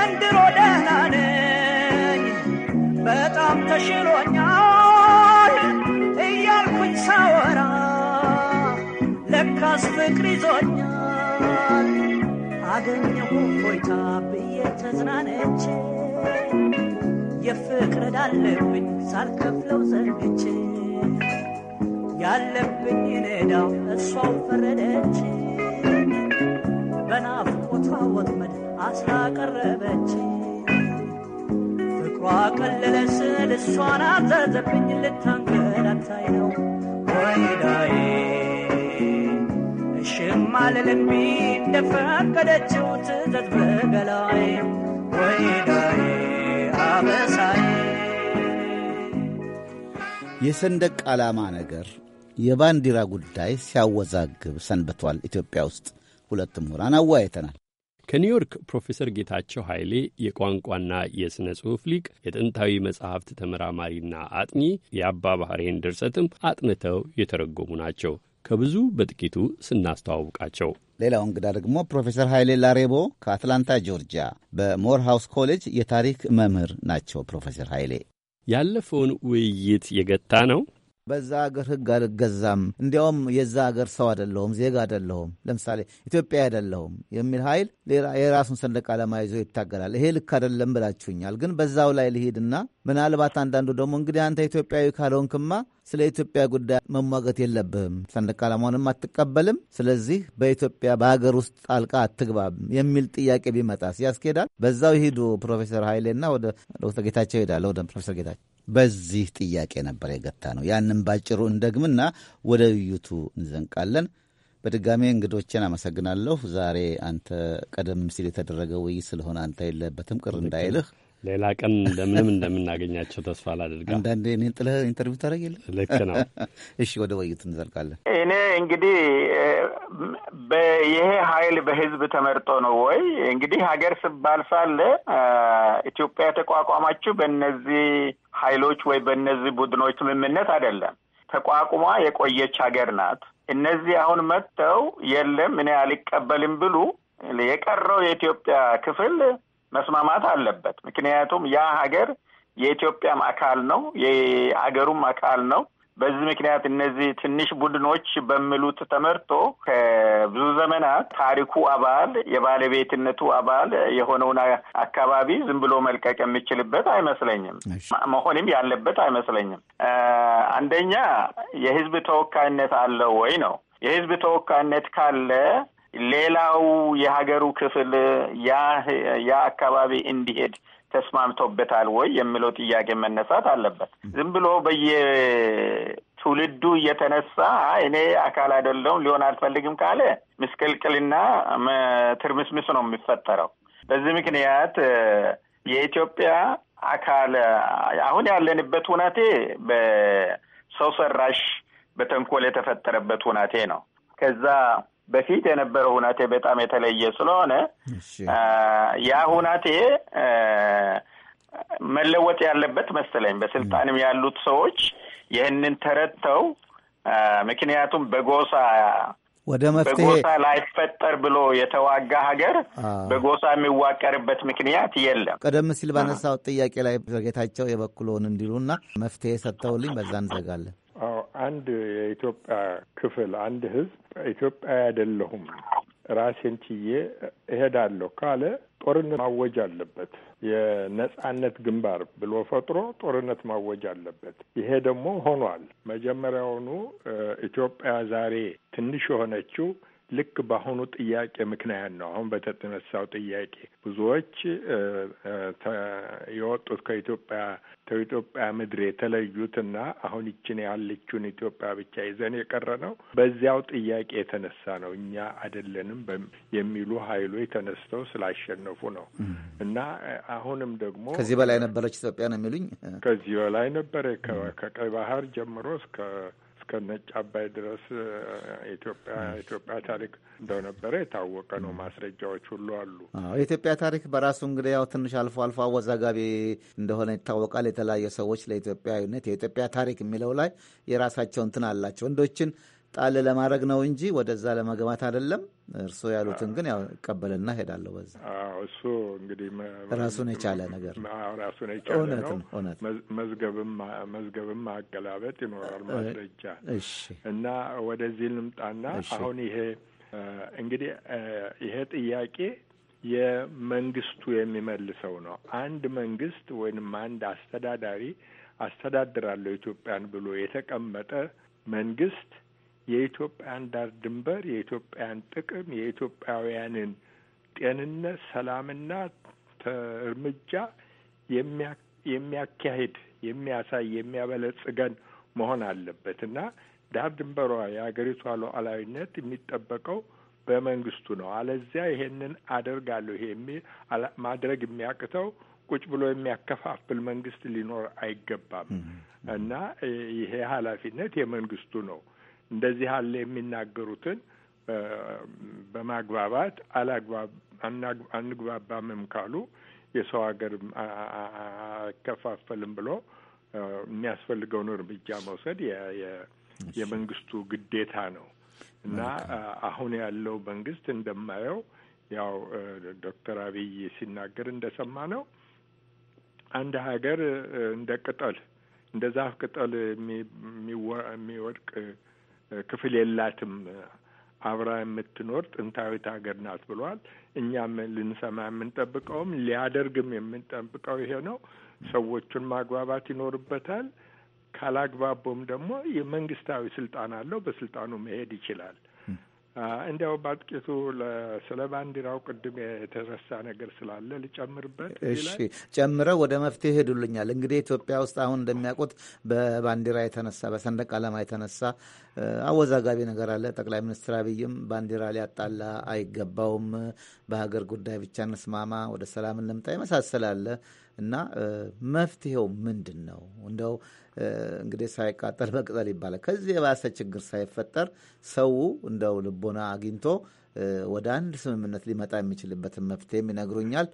C: ዘንድሮ ደህና ነኝ በጣም ተሽሎኛል እያልኩኝ ሳወራ ለካስ ፍቅር ይዞኛል አገኘሁ ሆይታ ብዬ ተዝናነች የፍቅር ዳለብኝ ሳልከፍለው ዘርግቼ ያለብኝ ነዳው እሷው ፈረደች በናፍቆቷ ወጥመድ አስራቀረበች ፍቅሯ ቀለለ ስል እሷን አዘዘብኝ ልታንገላታይ ነው ወይዳዬ እሽም አልልቢ እንደፈቀደችው ትዘት በገላዬ ወይዳዬ አበሳዬ
A: የሰንደቅ ዓላማ ነገር የባንዲራ ጉዳይ ሲያወዛግብ ሰንብቷል ኢትዮጵያ ውስጥ ሁለት ምሁራን አወያይተናል።
B: ከኒውዮርክ ፕሮፌሰር ጌታቸው ኃይሌ የቋንቋና የሥነ ጽሑፍ ሊቅ፣ የጥንታዊ መጽሐፍት ተመራማሪና አጥኚ፣ የአባ ባህሬን ድርሰትም አጥንተው የተረጎሙ ናቸው። ከብዙ በጥቂቱ ስናስተዋውቃቸው፣
A: ሌላው እንግዳ ደግሞ ፕሮፌሰር ኃይሌ ላሬቦ ከአትላንታ ጆርጂያ በሞርሃውስ ኮሌጅ የታሪክ መምህር ናቸው። ፕሮፌሰር ኃይሌ ያለፈውን
B: ውይይት የገታ ነው
A: በዛ ሀገር ህግ አልገዛም፣ እንዲያውም የዛ ሀገር ሰው አይደለሁም፣ ዜጋ አይደለሁም፣ ለምሳሌ ኢትዮጵያ አይደለሁም የሚል ኃይል የራሱን ሰንደቅ ዓላማ ይዞ ይታገላል። ይሄ ልክ አይደለም ብላችሁኛል። ግን በዛው ላይ ልሂድና ምናልባት አንዳንዱ ደግሞ እንግዲህ አንተ ኢትዮጵያዊ ካልሆንክማ ስለ ኢትዮጵያ ጉዳይ መሟገት የለብህም፣ ሰንደቅ ዓላማውንም አትቀበልም፣ ስለዚህ በኢትዮጵያ በሀገር ውስጥ ጣልቃ አትግባም የሚል ጥያቄ ቢመጣስ ያስኬዳል? በዛው ይሂዱ ፕሮፌሰር ኃይሌና ወደ ዶክተር ጌታቸው ይሄዳል። ወደ ፕሮፌሰር ጌታቸው በዚህ ጥያቄ ነበር የገታ ነው። ያንም ባጭሩ እንደግምና ወደ ውይይቱ እንዘንቃለን። በድጋሜ እንግዶችን አመሰግናለሁ። ዛሬ አንተ ቀደም ሲል የተደረገ ውይይት ስለሆነ አንተ የለበትም ቅር እንዳይልህ ሌላ ቀን እንደምንም እንደምናገኛቸው ተስፋ ላደርጋ። አንዳንዴ እኔን ጥለህ ኢንተርቪው ታደረግ ልክ ነው። እሺ፣ ወደ ውይይት እንዘልቃለን።
F: እኔ እንግዲህ ይሄ ኃይል በህዝብ ተመርጦ ነው ወይ? እንግዲህ ሀገር ስባል ሳለ ኢትዮጵያ የተቋቋማችው በእነዚህ ኃይሎች ወይ በእነዚህ ቡድኖች ስምምነት አይደለም። ተቋቁማ የቆየች ሀገር ናት። እነዚህ አሁን መጥተው የለም እኔ አልቀበልም ብሉ የቀረው የኢትዮጵያ ክፍል መስማማት አለበት። ምክንያቱም ያ ሀገር የኢትዮጵያም አካል ነው፣ የሀገሩም አካል ነው። በዚህ ምክንያት እነዚህ ትንሽ ቡድኖች በሚሉት ተመርቶ ከብዙ ዘመናት ታሪኩ አባል የባለቤትነቱ አባል የሆነውን አካባቢ ዝም ብሎ መልቀቅ የሚችልበት አይመስለኝም፣ መሆንም ያለበት አይመስለኝም። አንደኛ የህዝብ ተወካይነት አለው ወይ ነው። የህዝብ ተወካይነት ካለ ሌላው የሀገሩ ክፍል ያ አካባቢ እንዲሄድ ተስማምቶበታል ወይ የሚለው ጥያቄ መነሳት አለበት። ዝም ብሎ በየትውልዱ እየተነሳ እኔ አካል አይደለውም ሊሆን አልፈልግም ካለ ምስቅልቅልና ትርምስምስ ነው የሚፈጠረው። በዚህ ምክንያት የኢትዮጵያ አካል አሁን ያለንበት ሁናቴ በሰው ሰራሽ በተንኮል የተፈጠረበት ሁናቴ ነው። ከዛ በፊት የነበረው ሁናቴ በጣም የተለየ ስለሆነ ያ ሁናቴ መለወጥ ያለበት መሰለኝ። በስልጣንም ያሉት ሰዎች ይህንን ተረድተው ምክንያቱም በጎሳ
H: ወደ መፍትሄ በጎሳ
F: ላይፈጠር ብሎ የተዋጋ ሀገር በጎሳ የሚዋቀርበት
E: ምክንያት የለም።
A: ቀደም ሲል ባነሳው ጥያቄ ላይ በጌታቸው የበኩሎን እንዲሉና መፍትሄ ሰጥተውልኝ በዛ እንዘጋለን።
E: አንድ የኢትዮጵያ ክፍል አንድ ህዝብ ኢትዮጵያ አይደለሁም ራሴን ችዬ እሄዳለሁ ካለ ጦርነት ማወጅ አለበት። የነጻነት ግንባር ብሎ ፈጥሮ ጦርነት ማወጅ አለበት። ይሄ ደግሞ ሆኗል። መጀመሪያውኑ ኢትዮጵያ ዛሬ ትንሽ የሆነችው ልክ በአሁኑ ጥያቄ ምክንያት ነው። አሁን በተነሳው ጥያቄ ብዙዎች የወጡት ከኢትዮጵያ ከኢትዮጵያ ምድር የተለዩትና አሁን ይችን ያለችውን ኢትዮጵያ ብቻ ይዘን የቀረ ነው በዚያው ጥያቄ የተነሳ ነው። እኛ አይደለንም የሚሉ ኃይሎች ተነስተው ስላሸነፉ ነው እና አሁንም ደግሞ ከዚህ በላይ
A: ነበረች ኢትዮጵያ ነው የሚሉኝ ከዚህ
E: በላይ ነበረ ከቀይ ባህር ጀምሮ እስከ እስከ ነጭ አባይ ድረስ ኢትዮጵያ ኢትዮጵያ ታሪክ እንደነበረ የታወቀ ነው። ማስረጃዎች ሁሉ አሉ።
A: የኢትዮጵያ ታሪክ በራሱ እንግዲህ ያው ትንሽ አልፎ አልፎ አወዛጋቢ እንደሆነ ይታወቃል። የተለያዩ ሰዎች ለኢትዮጵያዊነት የኢትዮጵያ ታሪክ የሚለው ላይ የራሳቸው እንትን አላቸው። ወንዶችን ጣል ለማድረግ ነው እንጂ ወደዛ ለመግባት አይደለም። እርስዎ ያሉትን ግን ያው እቀበልና እሄዳለሁ። በዛ
E: እሱ እንግዲህ ራሱን
A: የቻለ ነገር
E: ራሱን የቻለ ነው። መዝገብም ማገላበጥ ይኖራል ማስረጃ። እና ወደዚህ ልምጣና አሁን ይሄ እንግዲህ ይሄ ጥያቄ የመንግስቱ የሚመልሰው ነው። አንድ መንግስት ወይንም አንድ አስተዳዳሪ አስተዳድራለሁ ኢትዮጵያን ብሎ የተቀመጠ መንግስት የኢትዮጵያን ዳር ድንበር፣ የኢትዮጵያን ጥቅም፣ የኢትዮጵያውያንን ጤንነት፣ ሰላምና እርምጃ የሚያካሄድ የሚያሳይ የሚያበለጽገን መሆን አለበት እና ዳር ድንበሯ የሀገሪቷ ሉዓላዊነት የሚጠበቀው በመንግስቱ ነው። አለዚያ ይሄንን አደርጋለሁ ይሄ ማድረግ የሚያቅተው ቁጭ ብሎ የሚያከፋፍል መንግስት ሊኖር አይገባም እና ይሄ ኃላፊነት የመንግስቱ ነው። እንደዚህ አለ የሚናገሩትን በማግባባት አላግባብ አንግባባምም ካሉ የሰው ሀገር አይከፋፈልም ብሎ የሚያስፈልገውን እርምጃ መውሰድ የመንግስቱ ግዴታ ነው እና አሁን ያለው መንግስት እንደማየው ያው ዶክተር አብይ ሲናገር እንደሰማ ነው አንድ ሀገር እንደ ቅጠል እንደ ዛፍ ቅጠል የሚወድቅ ክፍል የላትም አብራ የምትኖር ጥንታዊት ሀገር ናት ብለዋል። እኛም ልንሰማ የምንጠብቀውም ሊያደርግም የምንጠብቀው ይሄ ነው። ሰዎቹን ማግባባት ይኖርበታል። ካላግባቡም ደግሞ የመንግስታዊ ስልጣን አለው፣ በስልጣኑ መሄድ ይችላል። እንዲያው በጥቂቱ ስለ ባንዲራው ቅድም የተረሳ ነገር ስላለ ልጨምርበት። እሺ፣
A: ጨምረው ወደ መፍትሄ ሄዱልኛል። እንግዲህ ኢትዮጵያ ውስጥ አሁን እንደሚያውቁት በባንዲራ የተነሳ በሰንደቅ ዓላማ የተነሳ አወዛጋቢ ነገር አለ። ጠቅላይ ሚኒስትር አብይም ባንዲራ ሊያጣላ አይገባውም፣ በሀገር ጉዳይ ብቻ እንስማማ፣ ወደ ሰላም እንምጣ የመሳሰል አለ እና መፍትሄው ምንድን ነው? እንደው እንግዲህ ሳይቃጠል መቅጠል ይባላል። ከዚህ የባሰ ችግር ሳይፈጠር ሰው እንደው ልቦና አግኝቶ ወደ አንድ ስምምነት ሊመጣ የሚችልበትን መፍትሄም ይነግሩኛል።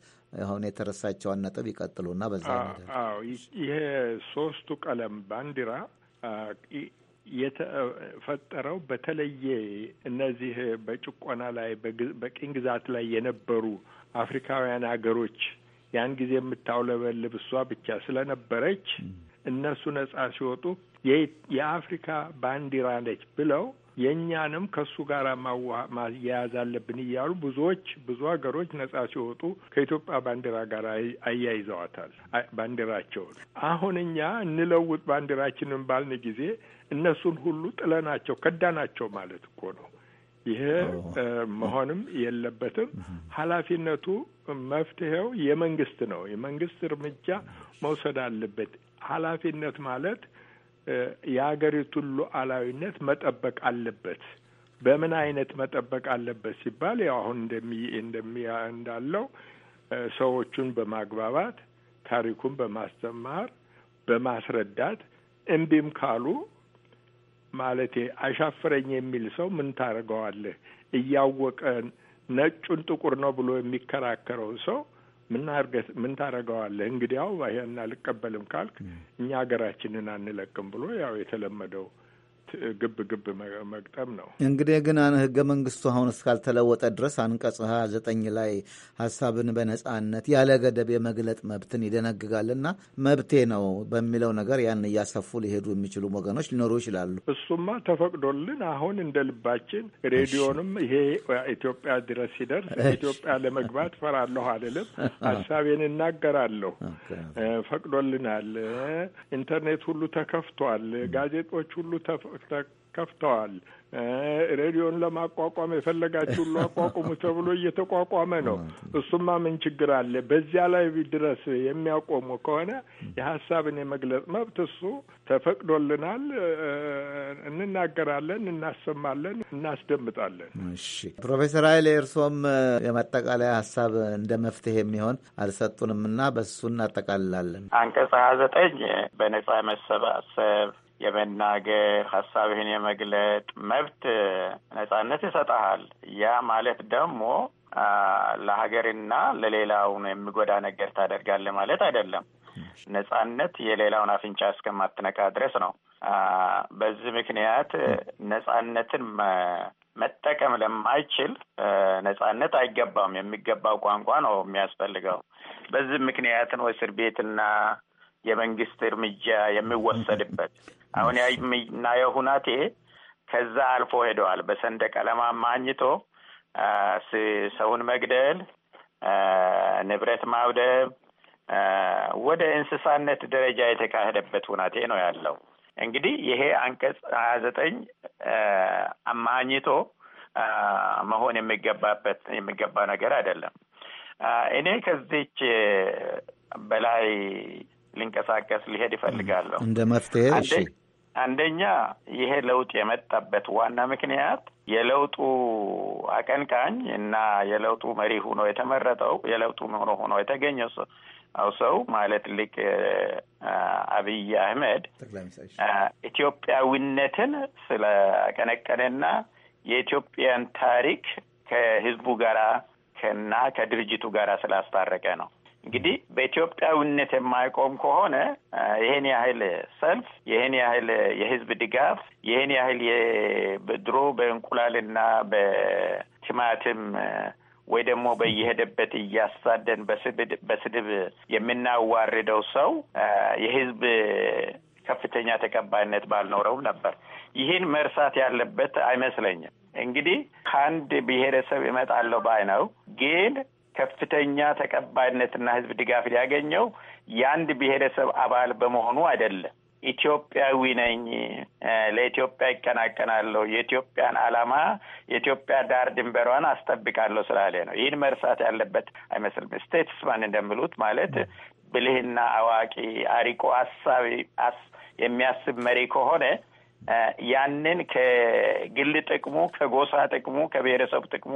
A: አሁን የተረሳቸውን ነጥብ ይቀጥሉና በዛ
E: ይሄ ሶስቱ ቀለም ባንዲራ የተፈጠረው በተለየ እነዚህ በጭቆና ላይ በቅኝ ግዛት ላይ የነበሩ አፍሪካውያን ሀገሮች ያን ጊዜ የምታውለበልብ እሷ ብቻ ስለነበረች እነሱ ነጻ ሲወጡ የአፍሪካ ባንዲራ ነች ብለው የእኛንም ከእሱ ጋር ማያያዝ አለብን እያሉ ብዙዎች ብዙ ሀገሮች ነጻ ሲወጡ ከኢትዮጵያ ባንዲራ ጋር አያይዘዋታል ባንዲራቸውን። አሁን እኛ እንለውጥ ባንዲራችንን ባልን ጊዜ እነሱን ሁሉ ጥለናቸው ከዳናቸው ማለት እኮ ነው። ይሄ መሆንም የለበትም። ኃላፊነቱ መፍትሄው የመንግስት ነው። የመንግስት እርምጃ መውሰድ አለበት። ኃላፊነት ማለት የሀገሪቱን ሉዓላዊነት መጠበቅ አለበት። በምን አይነት መጠበቅ አለበት ሲባል ያው አሁን እንደሚ እንደሚ እንዳለው ሰዎቹን በማግባባት ታሪኩን በማስተማር በማስረዳት እምቢም ካሉ ማለቴ አሻፍረኝ የሚል ሰው ምን ታደርገዋለህ? እያወቀ ነጩን ጥቁር ነው ብሎ የሚከራከረው ሰው ምን ምን ታደርገዋለህ? እንግዲያው ይሄን አልቀበልም ካልክ እኛ ሀገራችንን አንለቅም ብሎ ያው የተለመደው ግብ ግብ መግጠም ነው።
A: እንግዲህ ግን ህገ መንግስቱ አሁን እስካልተለወጠ ድረስ አንቀጽ ሀያ ዘጠኝ ላይ ሀሳብን በነጻነት ያለ ገደብ የመግለጥ መብትን ይደነግጋልና መብቴ ነው በሚለው ነገር ያን እያሰፉ ሊሄዱ የሚችሉ ወገኖች ሊኖሩ ይችላሉ።
E: እሱማ ተፈቅዶልን አሁን እንደ ልባችን ሬዲዮንም ይሄ ኢትዮጵያ ድረስ ሲደርስ ኢትዮጵያ ለመግባት ፈራለሁ አልልም። ሀሳቤን እናገራለሁ። ፈቅዶልናል። ኢንተርኔት ሁሉ ተከፍቷል። ጋዜጦች ሁሉ ከፍተዋል። ሬዲዮን ለማቋቋም የፈለጋችሁ ሁሉ አቋቁሙ ተብሎ እየተቋቋመ ነው። እሱማ ምን ችግር አለ? በዚያ ላይ ድረስ የሚያቆሙ ከሆነ የሀሳብን የመግለጽ መብት እሱ ተፈቅዶልናል። እንናገራለን፣ እናሰማለን፣ እናስደምጣለን።
A: እሺ ፕሮፌሰር ኃይል እርስዎም የማጠቃለያ ሀሳብ እንደ መፍትሄ የሚሆን አልሰጡንም እና በሱ እናጠቃልላለን።
F: አንቀጽ ሀያ ዘጠኝ በነጻ መሰባሰብ የመናገር ሀሳብህን የመግለጥ መብት ነጻነት ይሰጠሃል። ያ ማለት ደግሞ ለሀገርና ለሌላው የሚጎዳ ነገር ታደርጋለህ ማለት አይደለም። ነጻነት የሌላውን አፍንጫ እስከማትነቃ ድረስ ነው። በዚህ ምክንያት ነጻነትን መጠቀም ለማይችል ነጻነት አይገባም። የሚገባው ቋንቋ ነው የሚያስፈልገው። በዚህ ምክንያት ነው እስር ቤትና የመንግስት እርምጃ የሚወሰድበት። አሁን የምናየው ሁናቴ ከዛ አልፎ ሄደዋል። በሰንደቅ ዓላማ ማኝቶ ሰውን መግደል፣ ንብረት ማውደብ ወደ እንስሳነት ደረጃ የተካሄደበት ሁናቴ ነው ያለው። እንግዲህ ይሄ አንቀጽ ሀያ ዘጠኝ አማኝቶ መሆን የሚገባበት የሚገባ ነገር አይደለም። እኔ ከዚች በላይ ልንቀሳቀስ ሊሄድ ይፈልጋለሁ እንደ መፍትሄ አንደኛ ይሄ ለውጥ የመጣበት ዋና ምክንያት የለውጡ አቀንቃኝ እና የለውጡ መሪ ሆኖ የተመረጠው የለውጡ ሆኖ ሆኖ የተገኘው አው ሰው ማለት ልክ አብይ አህመድ ኢትዮጵያዊነትን ስለ የኢትዮጵያን ታሪክ ከህዝቡ ጋራ እና ከድርጅቱ ጋር ስላስታረቀ ነው። እንግዲህ በኢትዮጵያዊነት የማይቆም ከሆነ ይሄን ያህል ሰልፍ፣ ይሄን ያህል የህዝብ ድጋፍ፣ ይሄን ያህል ድሮ በእንቁላልና በቲማቲም ወይ ደግሞ በየሄደበት እያሳደን በስድብ የምናዋርደው ሰው የህዝብ ከፍተኛ ተቀባይነት ባልኖረውም ነበር። ይህን መርሳት ያለበት አይመስለኝም። እንግዲህ ከአንድ ብሔረሰብ እመጣለሁ ባይ ነው ግን ከፍተኛ ተቀባይነትና ህዝብ ድጋፍ ሊያገኘው የአንድ ብሔረሰብ አባል በመሆኑ አይደለም። ኢትዮጵያዊ ነኝ፣ ለኢትዮጵያ ይቀናቀናለሁ፣ የኢትዮጵያን ዓላማ የኢትዮጵያ ዳር ድንበሯን አስጠብቃለሁ ስላለ ነው። ይህን መርሳት ያለበት አይመስልም። ስቴትስማን እንደሚሉት ማለት ብልህና አዋቂ አሪቆ አሳቢ የሚያስብ መሪ ከሆነ ያንን ከግል ጥቅሙ፣ ከጎሳ ጥቅሙ፣ ከብሔረሰብ ጥቅሙ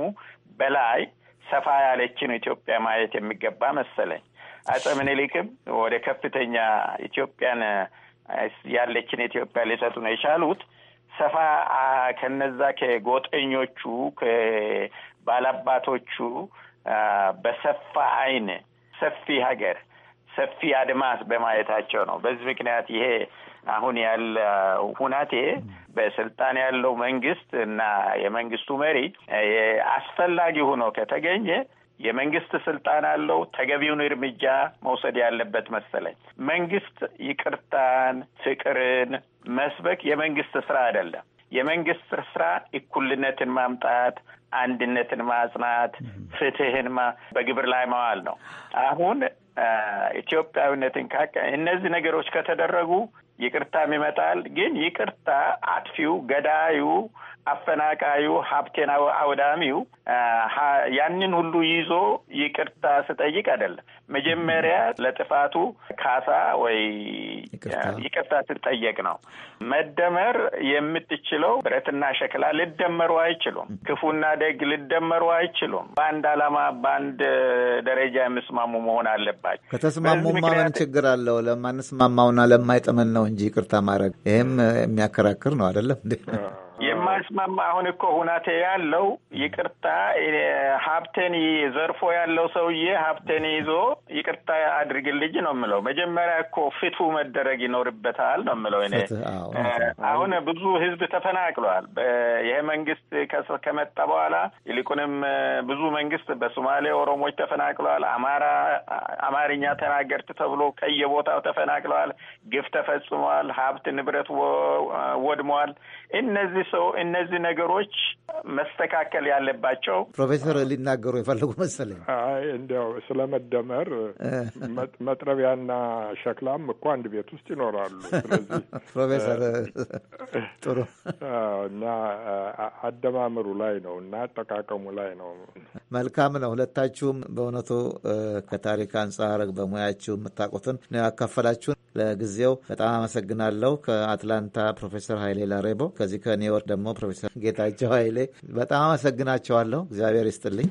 F: በላይ ሰፋ ያለችን ኢትዮጵያ ማየት የሚገባ መሰለኝ። አጼ ምኒልክም ወደ ከፍተኛ ኢትዮጵያን ያለችን ኢትዮጵያ ሊሰጡ ነው የቻሉት ሰፋ ከነዛ ከጎጠኞቹ ከባላባቶቹ በሰፋ አይን ሰፊ ሀገር ሰፊ አድማስ በማየታቸው ነው። በዚህ ምክንያት ይሄ አሁን ያለ ሁናቴ በስልጣን ያለው መንግስት እና የመንግስቱ መሪ አስፈላጊ ሆኖ ከተገኘ የመንግስት ስልጣን አለው። ተገቢውን እርምጃ መውሰድ ያለበት መሰለኝ። መንግስት ይቅርታን፣ ፍቅርን መስበክ የመንግስት ስራ አይደለም። የመንግስት ስራ እኩልነትን ማምጣት፣ አንድነትን ማጽናት፣ ፍትህን በግብር ላይ ማዋል ነው። አሁን ኢትዮጵያዊነትን ካቀ እነዚህ ነገሮች ከተደረጉ ይቅርታም ይመጣል። ግን ይቅርታ አጥፊው፣ ገዳዩ፣ አፈናቃዩ፣ ሀብቴን አውዳሚው ያንን ሁሉ ይዞ ይቅርታ ስጠይቅ አይደለም። መጀመሪያ ለጥፋቱ ካሳ ወይ ይቅርታ ስጠየቅ ነው። መደመር የምትችለው ብረትና ሸክላ ልደመሩ አይችሉም። ክፉና ደግ ልደመሩ አይችሉም። በአንድ ዓላማ በአንድ ደረጃ የሚስማሙ መሆን አለባቸው።
A: ከተስማሙማ ምን ችግር አለው? ለማንስማማውና ለማይጠመን ነው እንጂ ይቅርታ ማድረግ ይህም የሚያከራክር ነው አይደለም?
F: የማስማማ አሁን እኮ ሁናቴ ያለው ይቅርታ ሀብቴን ዘርፎ ያለው ሰውዬ ሀብቴን ይዞ ይቅርታ አድርግልኝ ነው የምለው። መጀመሪያ እኮ ፍቱ መደረግ ይኖርበታል ነው የምለው እኔ። አሁን ብዙ ህዝብ ተፈናቅሏል። ይሄ መንግስት ከመጣ በኋላ ይልቁንም ብዙ መንግስት በሶማሌ ኦሮሞች ተፈናቅለዋል። አማራ አማርኛ ተናገርት ተብሎ ከየቦታው ተፈናቅለዋል። ግፍ ተፈጽመዋል። ሀብት ንብረት ወድመዋል። እነዚህ ሰው እነዚህ ነገሮች መስተካከል
E: ያለባቸው
A: ፕሮፌሰር ሊናገሩ የፈለጉ መሰለኝ።
E: እንዲያው መደመር መጥረቢያና ሸክላም እኮ አንድ ቤት ውስጥ ይኖራሉ። ስለዚህ ፕሮፌሰር ጥሩ እና አደማመሩ ላይ ነው እና አጠቃቀሙ ላይ ነው።
A: መልካም ነው። ሁለታችሁም በእውነቱ ከታሪክ አንጻር በሙያችሁ የምታውቁትን ነው ያካፈላችሁን። ለጊዜው በጣም አመሰግናለሁ። ከአትላንታ ፕሮፌሰር ሀይሌ ላሬቦ ከዚህ ከኒው ሊቀመንበር ደግሞ ፕሮፌሰር ጌታቸው ኃይሌ በጣም አመሰግናቸዋለሁ። እግዚአብሔር ይስጥልኝ።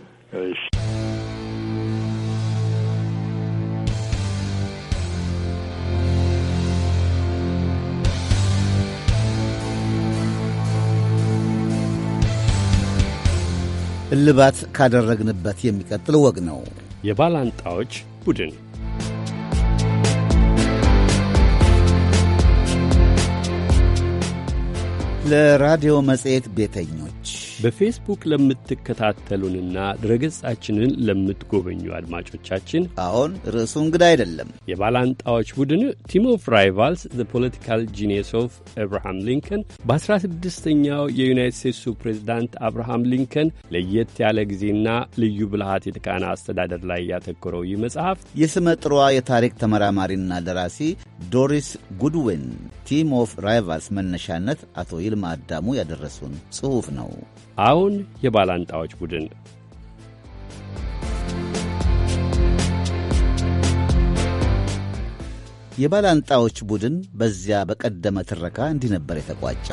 A: እልባት ካደረግንበት የሚቀጥል ወግ ነው የባላንጣዎች ቡድን ለራዲዮ መጽሔት ቤተኞች
B: በፌስቡክ ለምትከታተሉንና ድረገጻችንን ለምትጎበኙ አድማጮቻችን አሁን ርዕሱ እንግዳ አይደለም። የባላንጣዎች ቡድን ቲም ኦፍ ራይቫልስ ዘ ፖለቲካል ጂኒየስ ኦፍ አብርሃም ሊንከን በ16ኛው የዩናይት ስቴትሱ ፕሬዚዳንት አብርሃም ሊንከን ለየት ያለ ጊዜና ልዩ ብልሃት የተቃና አስተዳደር ላይ ያተኮረው ይህ መጽሐፍ
A: የስመጥሯ የታሪክ ተመራማሪና ደራሲ ዶሪስ ጉድዊን ቲም ኦፍ ራይቫልስ መነሻነት አቶ ይልማ አዳሙ ያደረሱን ጽሑፍ ነው። አሁን የባላንጣዎች ቡድን የባላንጣዎች ቡድን በዚያ በቀደመ ትረካ እንዲህ ነበር የተቋጨ።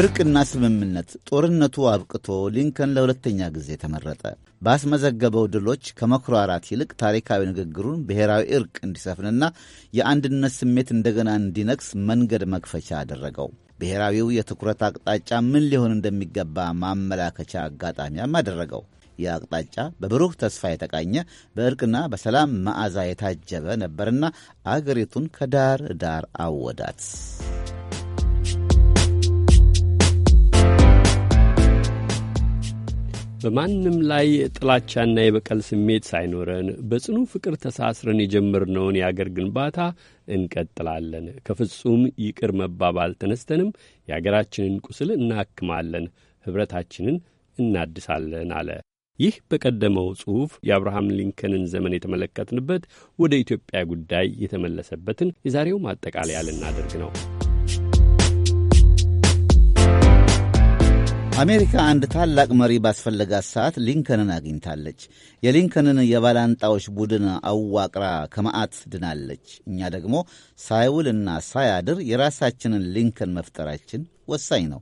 A: እርቅና ስምምነት። ጦርነቱ አብቅቶ ሊንከን ለሁለተኛ ጊዜ ተመረጠ። ባስመዘገበው ድሎች ከመኩራራት ይልቅ ታሪካዊ ንግግሩን ብሔራዊ እርቅ እንዲሰፍንና የአንድነት ስሜት እንደገና እንዲነግስ መንገድ መክፈቻ አደረገው። ብሔራዊው የትኩረት አቅጣጫ ምን ሊሆን እንደሚገባ ማመላከቻ አጋጣሚያም አደረገው። ይህ አቅጣጫ በብሩህ ተስፋ የተቃኘ በእርቅና በሰላም መዓዛ የታጀበ ነበርና አገሪቱን ከዳር ዳር አወዳት።
B: በማንም ላይ ጥላቻና የበቀል ስሜት ሳይኖረን በጽኑ ፍቅር ተሳስረን የጀመርነውን የአገር ግንባታ እንቀጥላለን። ከፍጹም ይቅር መባባል ተነስተንም የአገራችንን ቁስል እናክማለን፣ ኅብረታችንን እናድሳለን አለ። ይህ በቀደመው ጽሑፍ የአብርሃም ሊንከንን ዘመን የተመለከትንበት ወደ ኢትዮጵያ ጉዳይ የተመለሰበትን የዛሬው ማጠቃለያ ልናደርግ ነው።
A: አሜሪካ አንድ ታላቅ መሪ ባስፈለጋት ሰዓት ሊንከንን አግኝታለች። የሊንከንን የባላንጣዎች ቡድን አዋቅራ ከመዓት ድናለች። እኛ ደግሞ ሳይውልና ሳያድር የራሳችንን ሊንከን መፍጠራችን ወሳኝ ነው።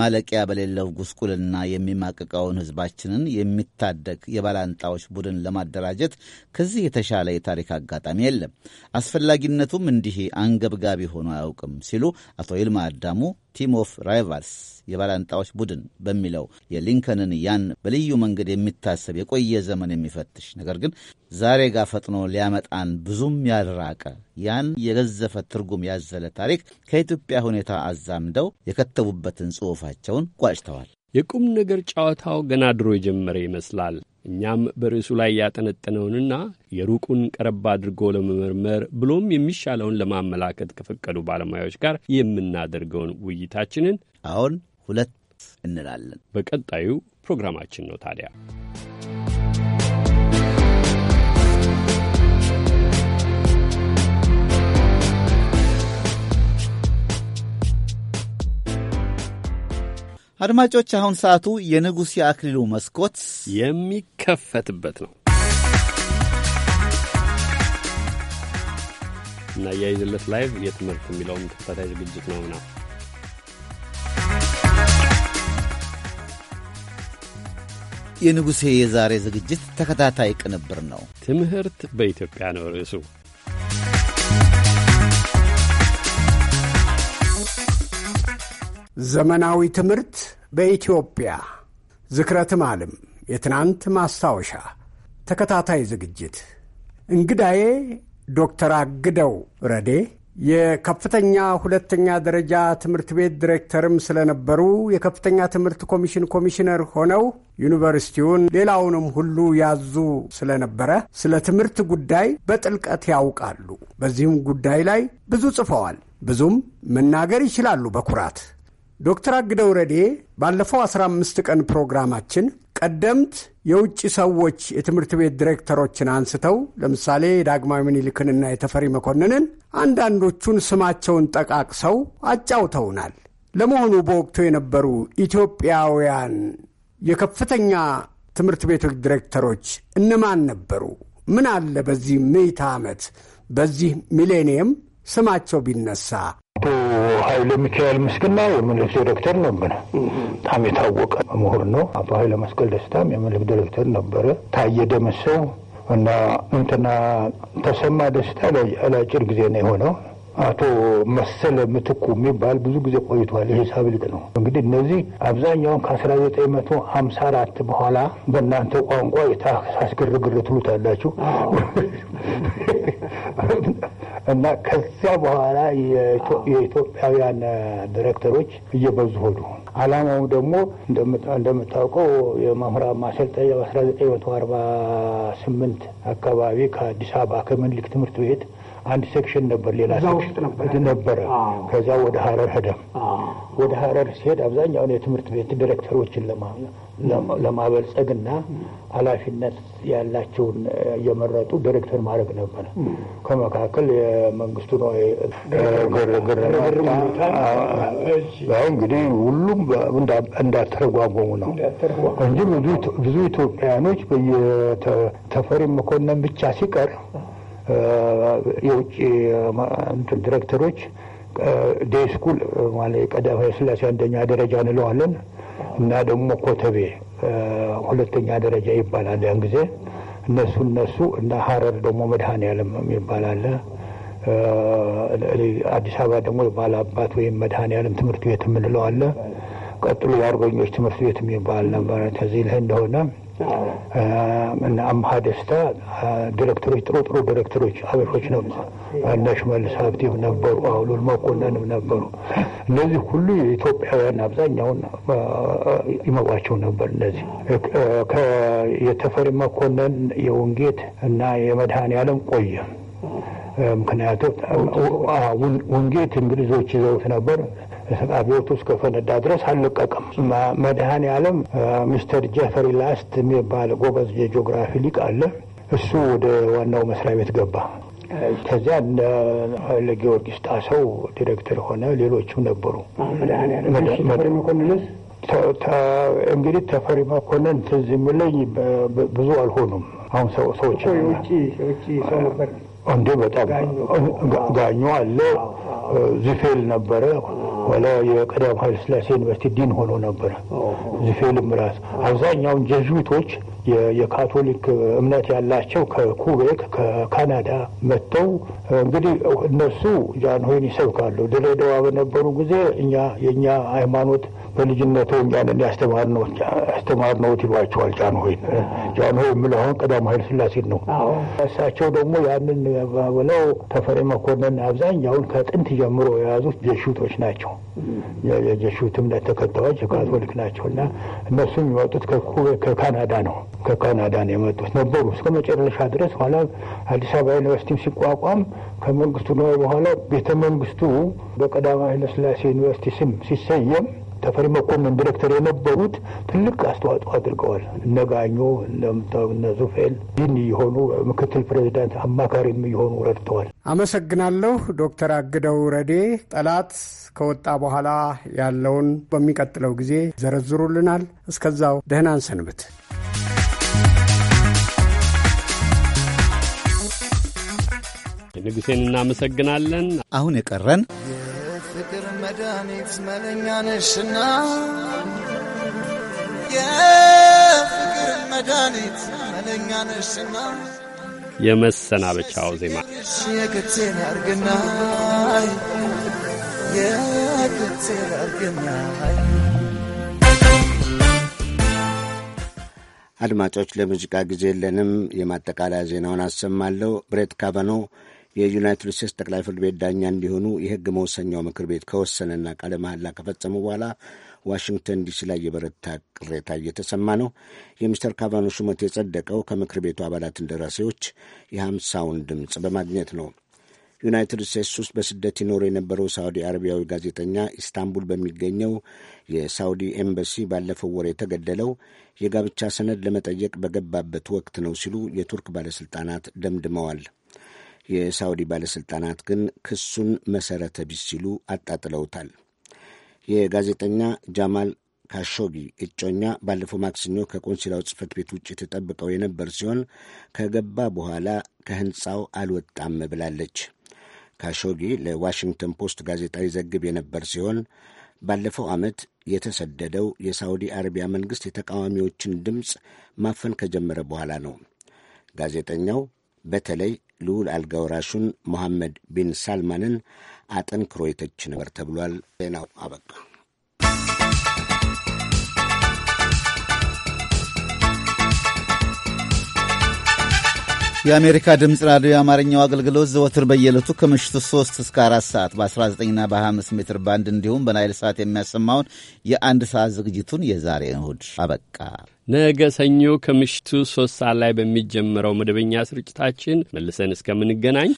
A: ማለቂያ በሌለው ጉስቁልና የሚማቅቀውን ሕዝባችንን የሚታደግ የባላንጣዎች ቡድን ለማደራጀት ከዚህ የተሻለ የታሪክ አጋጣሚ የለም። አስፈላጊነቱም እንዲህ አንገብጋቢ ሆኖ አያውቅም ሲሉ አቶ ይልማ አዳሙ ቲም ኦፍ ራይቫልስ የባላንጣዎች ቡድን በሚለው የሊንከንን ያን በልዩ መንገድ የሚታሰብ የቆየ ዘመን የሚፈትሽ ነገር ግን ዛሬ ጋር ፈጥኖ ሊያመጣን ብዙም ያልራቀ ያን የገዘፈ ትርጉም ያዘለ ታሪክ ከኢትዮጵያ ሁኔታ አዛምደው የከተቡበትን
B: ጽሑፋቸውን ጓጭተዋል። የቁም ነገር ጨዋታው ገና ድሮ የጀመረ ይመስላል። እኛም በርዕሱ ላይ ያጠነጠነውንና የሩቁን ቀረብ አድርጎ ለመመርመር ብሎም የሚሻለውን ለማመላከት ከፈቀዱ ባለሙያዎች ጋር የምናደርገውን ውይይታችንን አሁን ሁለት እንላለን። በቀጣዩ ፕሮግራማችን ነው ታዲያ
A: አድማጮች፣ አሁን ሰዓቱ የንጉሥ የአክሊሉ መስኮት የሚከፈትበት
B: ነው። እና አያይዝለት ላይቭ የትምህርት የሚለውም ተከታታይ ዝግጅት ነው ምናምን
A: የንጉሴ የዛሬ
B: ዝግጅት ተከታታይ ቅንብር ነው። ትምህርት በኢትዮጵያ ነው ርዕሱ።
J: ዘመናዊ ትምህርት በኢትዮጵያ ዝክረትም ትማልም የትናንት ማስታወሻ ተከታታይ ዝግጅት እንግዳዬ ዶክተር አግደው ረዴ የከፍተኛ ሁለተኛ ደረጃ ትምህርት ቤት ዲሬክተርም ስለነበሩ የከፍተኛ ትምህርት ኮሚሽን ኮሚሽነር ሆነው ዩኒቨርሲቲውን ሌላውንም ሁሉ ያዙ ስለነበረ ስለ ትምህርት ጉዳይ በጥልቀት ያውቃሉ። በዚህም ጉዳይ ላይ ብዙ ጽፈዋል። ብዙም መናገር ይችላሉ በኩራት ዶክተር አግደው ረዴ ባለፈው 15 ቀን ፕሮግራማችን ቀደምት የውጭ ሰዎች የትምህርት ቤት ዲሬክተሮችን አንስተው ለምሳሌ የዳግማዊ ምኒልክንና የተፈሪ መኮንንን አንዳንዶቹን ስማቸውን ጠቃቅሰው አጫውተውናል። ለመሆኑ በወቅቱ የነበሩ ኢትዮጵያውያን የከፍተኛ ትምህርት ቤቶች ዲሬክተሮች እነማን ነበሩ? ምን አለ በዚህ ምዕተ ዓመት በዚህ ሚሌኒየም ስማቸው ቢነሳ አቶ ኃይለ ሚካኤል ምስግና የመድረክ ዲሬክተር
I: ነበረ። በጣም የታወቀ ምሁር ነው። አቶ ኃይለ መስቀል ደስታም የመድረክ ዲሬክተር ነበረ። ታየ ደመሰው እና እንትና ተሰማ ደስታ ለአጭር ጊዜ ነው የሆነው አቶ መሰለ ምትኩ የሚባል ብዙ ጊዜ ቆይቷል። የሂሳብ ሊቅ ነው። እንግዲህ እነዚህ አብዛኛውን ከ1954 በኋላ በእናንተ ቋንቋ የታክሳስ ግርግር ትሉታላችሁ እና ከዚያ በኋላ የኢትዮጵያውያን ዲሬክተሮች እየበዙ ሆኑ። አላማው ደግሞ እንደምታውቀው የመምህራን ማሰልጠኛ በ1948 አካባቢ ከአዲስ አበባ ከምኒልክ ትምህርት ቤት አንድ ሴክሽን ነበር፣ ሌላ ሴክሽን ነበረ። ከዛ ወደ ሀረር ሄደ። ወደ ሀረር ሲሄድ አብዛኛውን የትምህርት ቤት ዲሬክተሮችን ለማበልጸግና ኃላፊነት ያላቸውን እየመረጡ ዲሬክተር ማድረግ ነበረ። ከመካከል የመንግስቱ ነው እንግዲህ ሁሉም እንዳተረጓጎሙ ነው እንጂ ብዙ ኢትዮጵያኖች በየተፈሪ መኮንን ብቻ ሲቀር የውጭ እንትን ዲሬክተሮች ዴስኩል ማለት ቀዳማዊ ስላሴ አንደኛ ደረጃ እንለዋለን እና ደግሞ ኮተቤ ሁለተኛ ደረጃ ይባላል ያን ጊዜ እነሱ እነሱ እና ሀረር ደግሞ መድኃኔዓለም ይባላል። አዲስ አበባ ደግሞ ባለ አባት ወይም መድኃኔዓለም ትምህርት ቤት የምንለው አለ። ቀጥሎ የአርበኞች ትምህርት ቤት የሚባል ነበር። ከዚህ ልህ እንደሆነ እና አምሃ ደስታ ዲሬክተሮች፣ ጥሩ ጥሩ ዲሬክተሮች አበሾች ነበሩ። እና ሽመልስ ሀብቴም ነበሩ፣ አውሎል መኮንንም ነበሩ። እነዚህ ሁሉ የኢትዮጵያውያን አብዛኛውን ይመቋቸው ነበር። እነዚህ የተፈሪ መኮንን የውንጌት እና የመድኃኔ ዓለም ቆየ። ምክንያቱም ውንጌት እንግሊዞች ይዘውት ነበር። አብዮቱ እስከፈነዳ ድረስ አልለቀቅም። መድሃን ዓለም ሚስተር ጀፈሪ ላስት የሚባል ጎበዝ የጂኦግራፊ ሊቅ አለ። እሱ ወደ ዋናው መስሪያ ቤት ገባ። ከዚያ ጊዮርጊስ ጣሰው ዲሬክተር ሆነ። ሌሎችም ነበሩ። እንግዲህ ተፈሪ መኮንን ትዝ የሚለኝ ብዙ አልሆኑም። አሁን ሰዎች እንዴ በጣም ጋኙ አለ፣ ዚፌል ነበረ ኋላ የቀዳማዊ ኃይለሥላሴ ዩኒቨርሲቲ ዲን ሆኖ ነበረ። ዝፌልም ራስ አብዛኛውን ጀዙዊቶች የካቶሊክ እምነት ያላቸው ከኩቤክ ከካናዳ መጥተው እንግዲህ እነሱ ጃንሆይን ይሰብካሉ። ድሬዳዋ በነበሩ ጊዜ እኛ የእኛ ሃይማኖት በልጅነት እኛንን ያስተማርነውት ይሏቸዋል። ጃንሆይን ጃንሆይ የምለው አሁን ቀዳማዊ ኃይለ ሥላሴን ነው። እሳቸው ደግሞ ያንን ብለው ተፈሪ መኮንን አብዛኛውን ከጥንት ጀምሮ የያዙት ጀሹቶች ናቸው። የጀሹት እምነት ተከታዮች የካቶሊክ ናቸው እና እነሱ የሚመጡት ከካናዳ ነው። ከካናዳ ነው የመጡት ነበሩ እስከ መጨረሻ ድረስ። ኋላ አዲስ አበባ ዩኒቨርሲቲም ሲቋቋም ከመንግስቱ ነው በኋላ ቤተ መንግስቱ በቀዳማዊ ኃይለሥላሴ ዩኒቨርሲቲ ስም ሲሰየም መኮንን ዲሬክተር የነበሩት ትልቅ አስተዋጽኦ አድርገዋል። እነጋኞ እንደምታው እነ ዙፌል ይህን የሆኑ ምክትል ፕሬዚዳንት አማካሪም የሆኑ ረድተዋል።
J: አመሰግናለሁ ዶክተር አግደው ረዴ። ጠላት ከወጣ በኋላ ያለውን በሚቀጥለው ጊዜ ዘረዝሩልናል። እስከዛው ደህናን ሰንብት።
B: ንጉሴን እናመሰግናለን። አሁን የቀረን
C: መድኃኒት መለኛ ነሽና የፍቅር መድኃኒት መለኛ ነሽና
B: የመሰናበቻው ዜማ
G: አድማጮች፣ ለሙዚቃ ጊዜ የለንም። የማጠቃለያ ዜናውን አሰማለሁ። ብሬት ካቫኖ የዩናይትድ ስቴትስ ጠቅላይ ፍርድ ቤት ዳኛ እንዲሆኑ የሕግ መወሰኛው ምክር ቤት ከወሰነና ቃለ መሐላ ከፈጸሙ በኋላ ዋሽንግተን ዲሲ ላይ የበረታ ቅሬታ እየተሰማ ነው። የሚስተር ካቫኖ ሹመት የጸደቀው ከምክር ቤቱ አባላት እንደራሴዎች የሀምሳውን ድምፅ በማግኘት ነው። ዩናይትድ ስቴትስ ውስጥ በስደት ይኖር የነበረው ሳዑዲ አረቢያዊ ጋዜጠኛ ኢስታንቡል በሚገኘው የሳዑዲ ኤምባሲ ባለፈው ወር የተገደለው የጋብቻ ሰነድ ለመጠየቅ በገባበት ወቅት ነው ሲሉ የቱርክ ባለሥልጣናት ደምድመዋል። የሳውዲ ባለሥልጣናት ግን ክሱን መሠረተ ቢስ ሲሉ አጣጥለውታል። የጋዜጠኛ ጃማል ካሾጊ እጮኛ ባለፈው ማክሰኞ ከቆንሲላው ጽህፈት ቤት ውጭ ተጠብቀው የነበር ሲሆን ከገባ በኋላ ከህንፃው አልወጣም ብላለች። ካሾጊ ለዋሽንግተን ፖስት ጋዜጣ ይዘግብ የነበር ሲሆን ባለፈው ዓመት የተሰደደው የሳውዲ አረቢያ መንግሥት የተቃዋሚዎችን ድምፅ ማፈን ከጀመረ በኋላ ነው። ጋዜጠኛው በተለይ ልዑል አልጋውራሹን ሞሐመድ ቢን ሳልማንን አጠንክሮ የተች ነበር ተብሏል። ዜናው አበቃ።
A: የአሜሪካ ድምፅ ራዲዮ የአማርኛው አገልግሎት ዘወትር በየዕለቱ ከምሽቱ 3 እስከ 4 ሰዓት በ19ና በ25 ሜትር ባንድ እንዲሁም በናይል ሰዓት የሚያሰማውን የአንድ ሰዓት ዝግጅቱን የዛሬ እሁድ አበቃ።
B: ነገ ሰኞ ከምሽቱ 3 ሰዓት ላይ በሚጀምረው መደበኛ ስርጭታችን መልሰን እስከምንገናኝ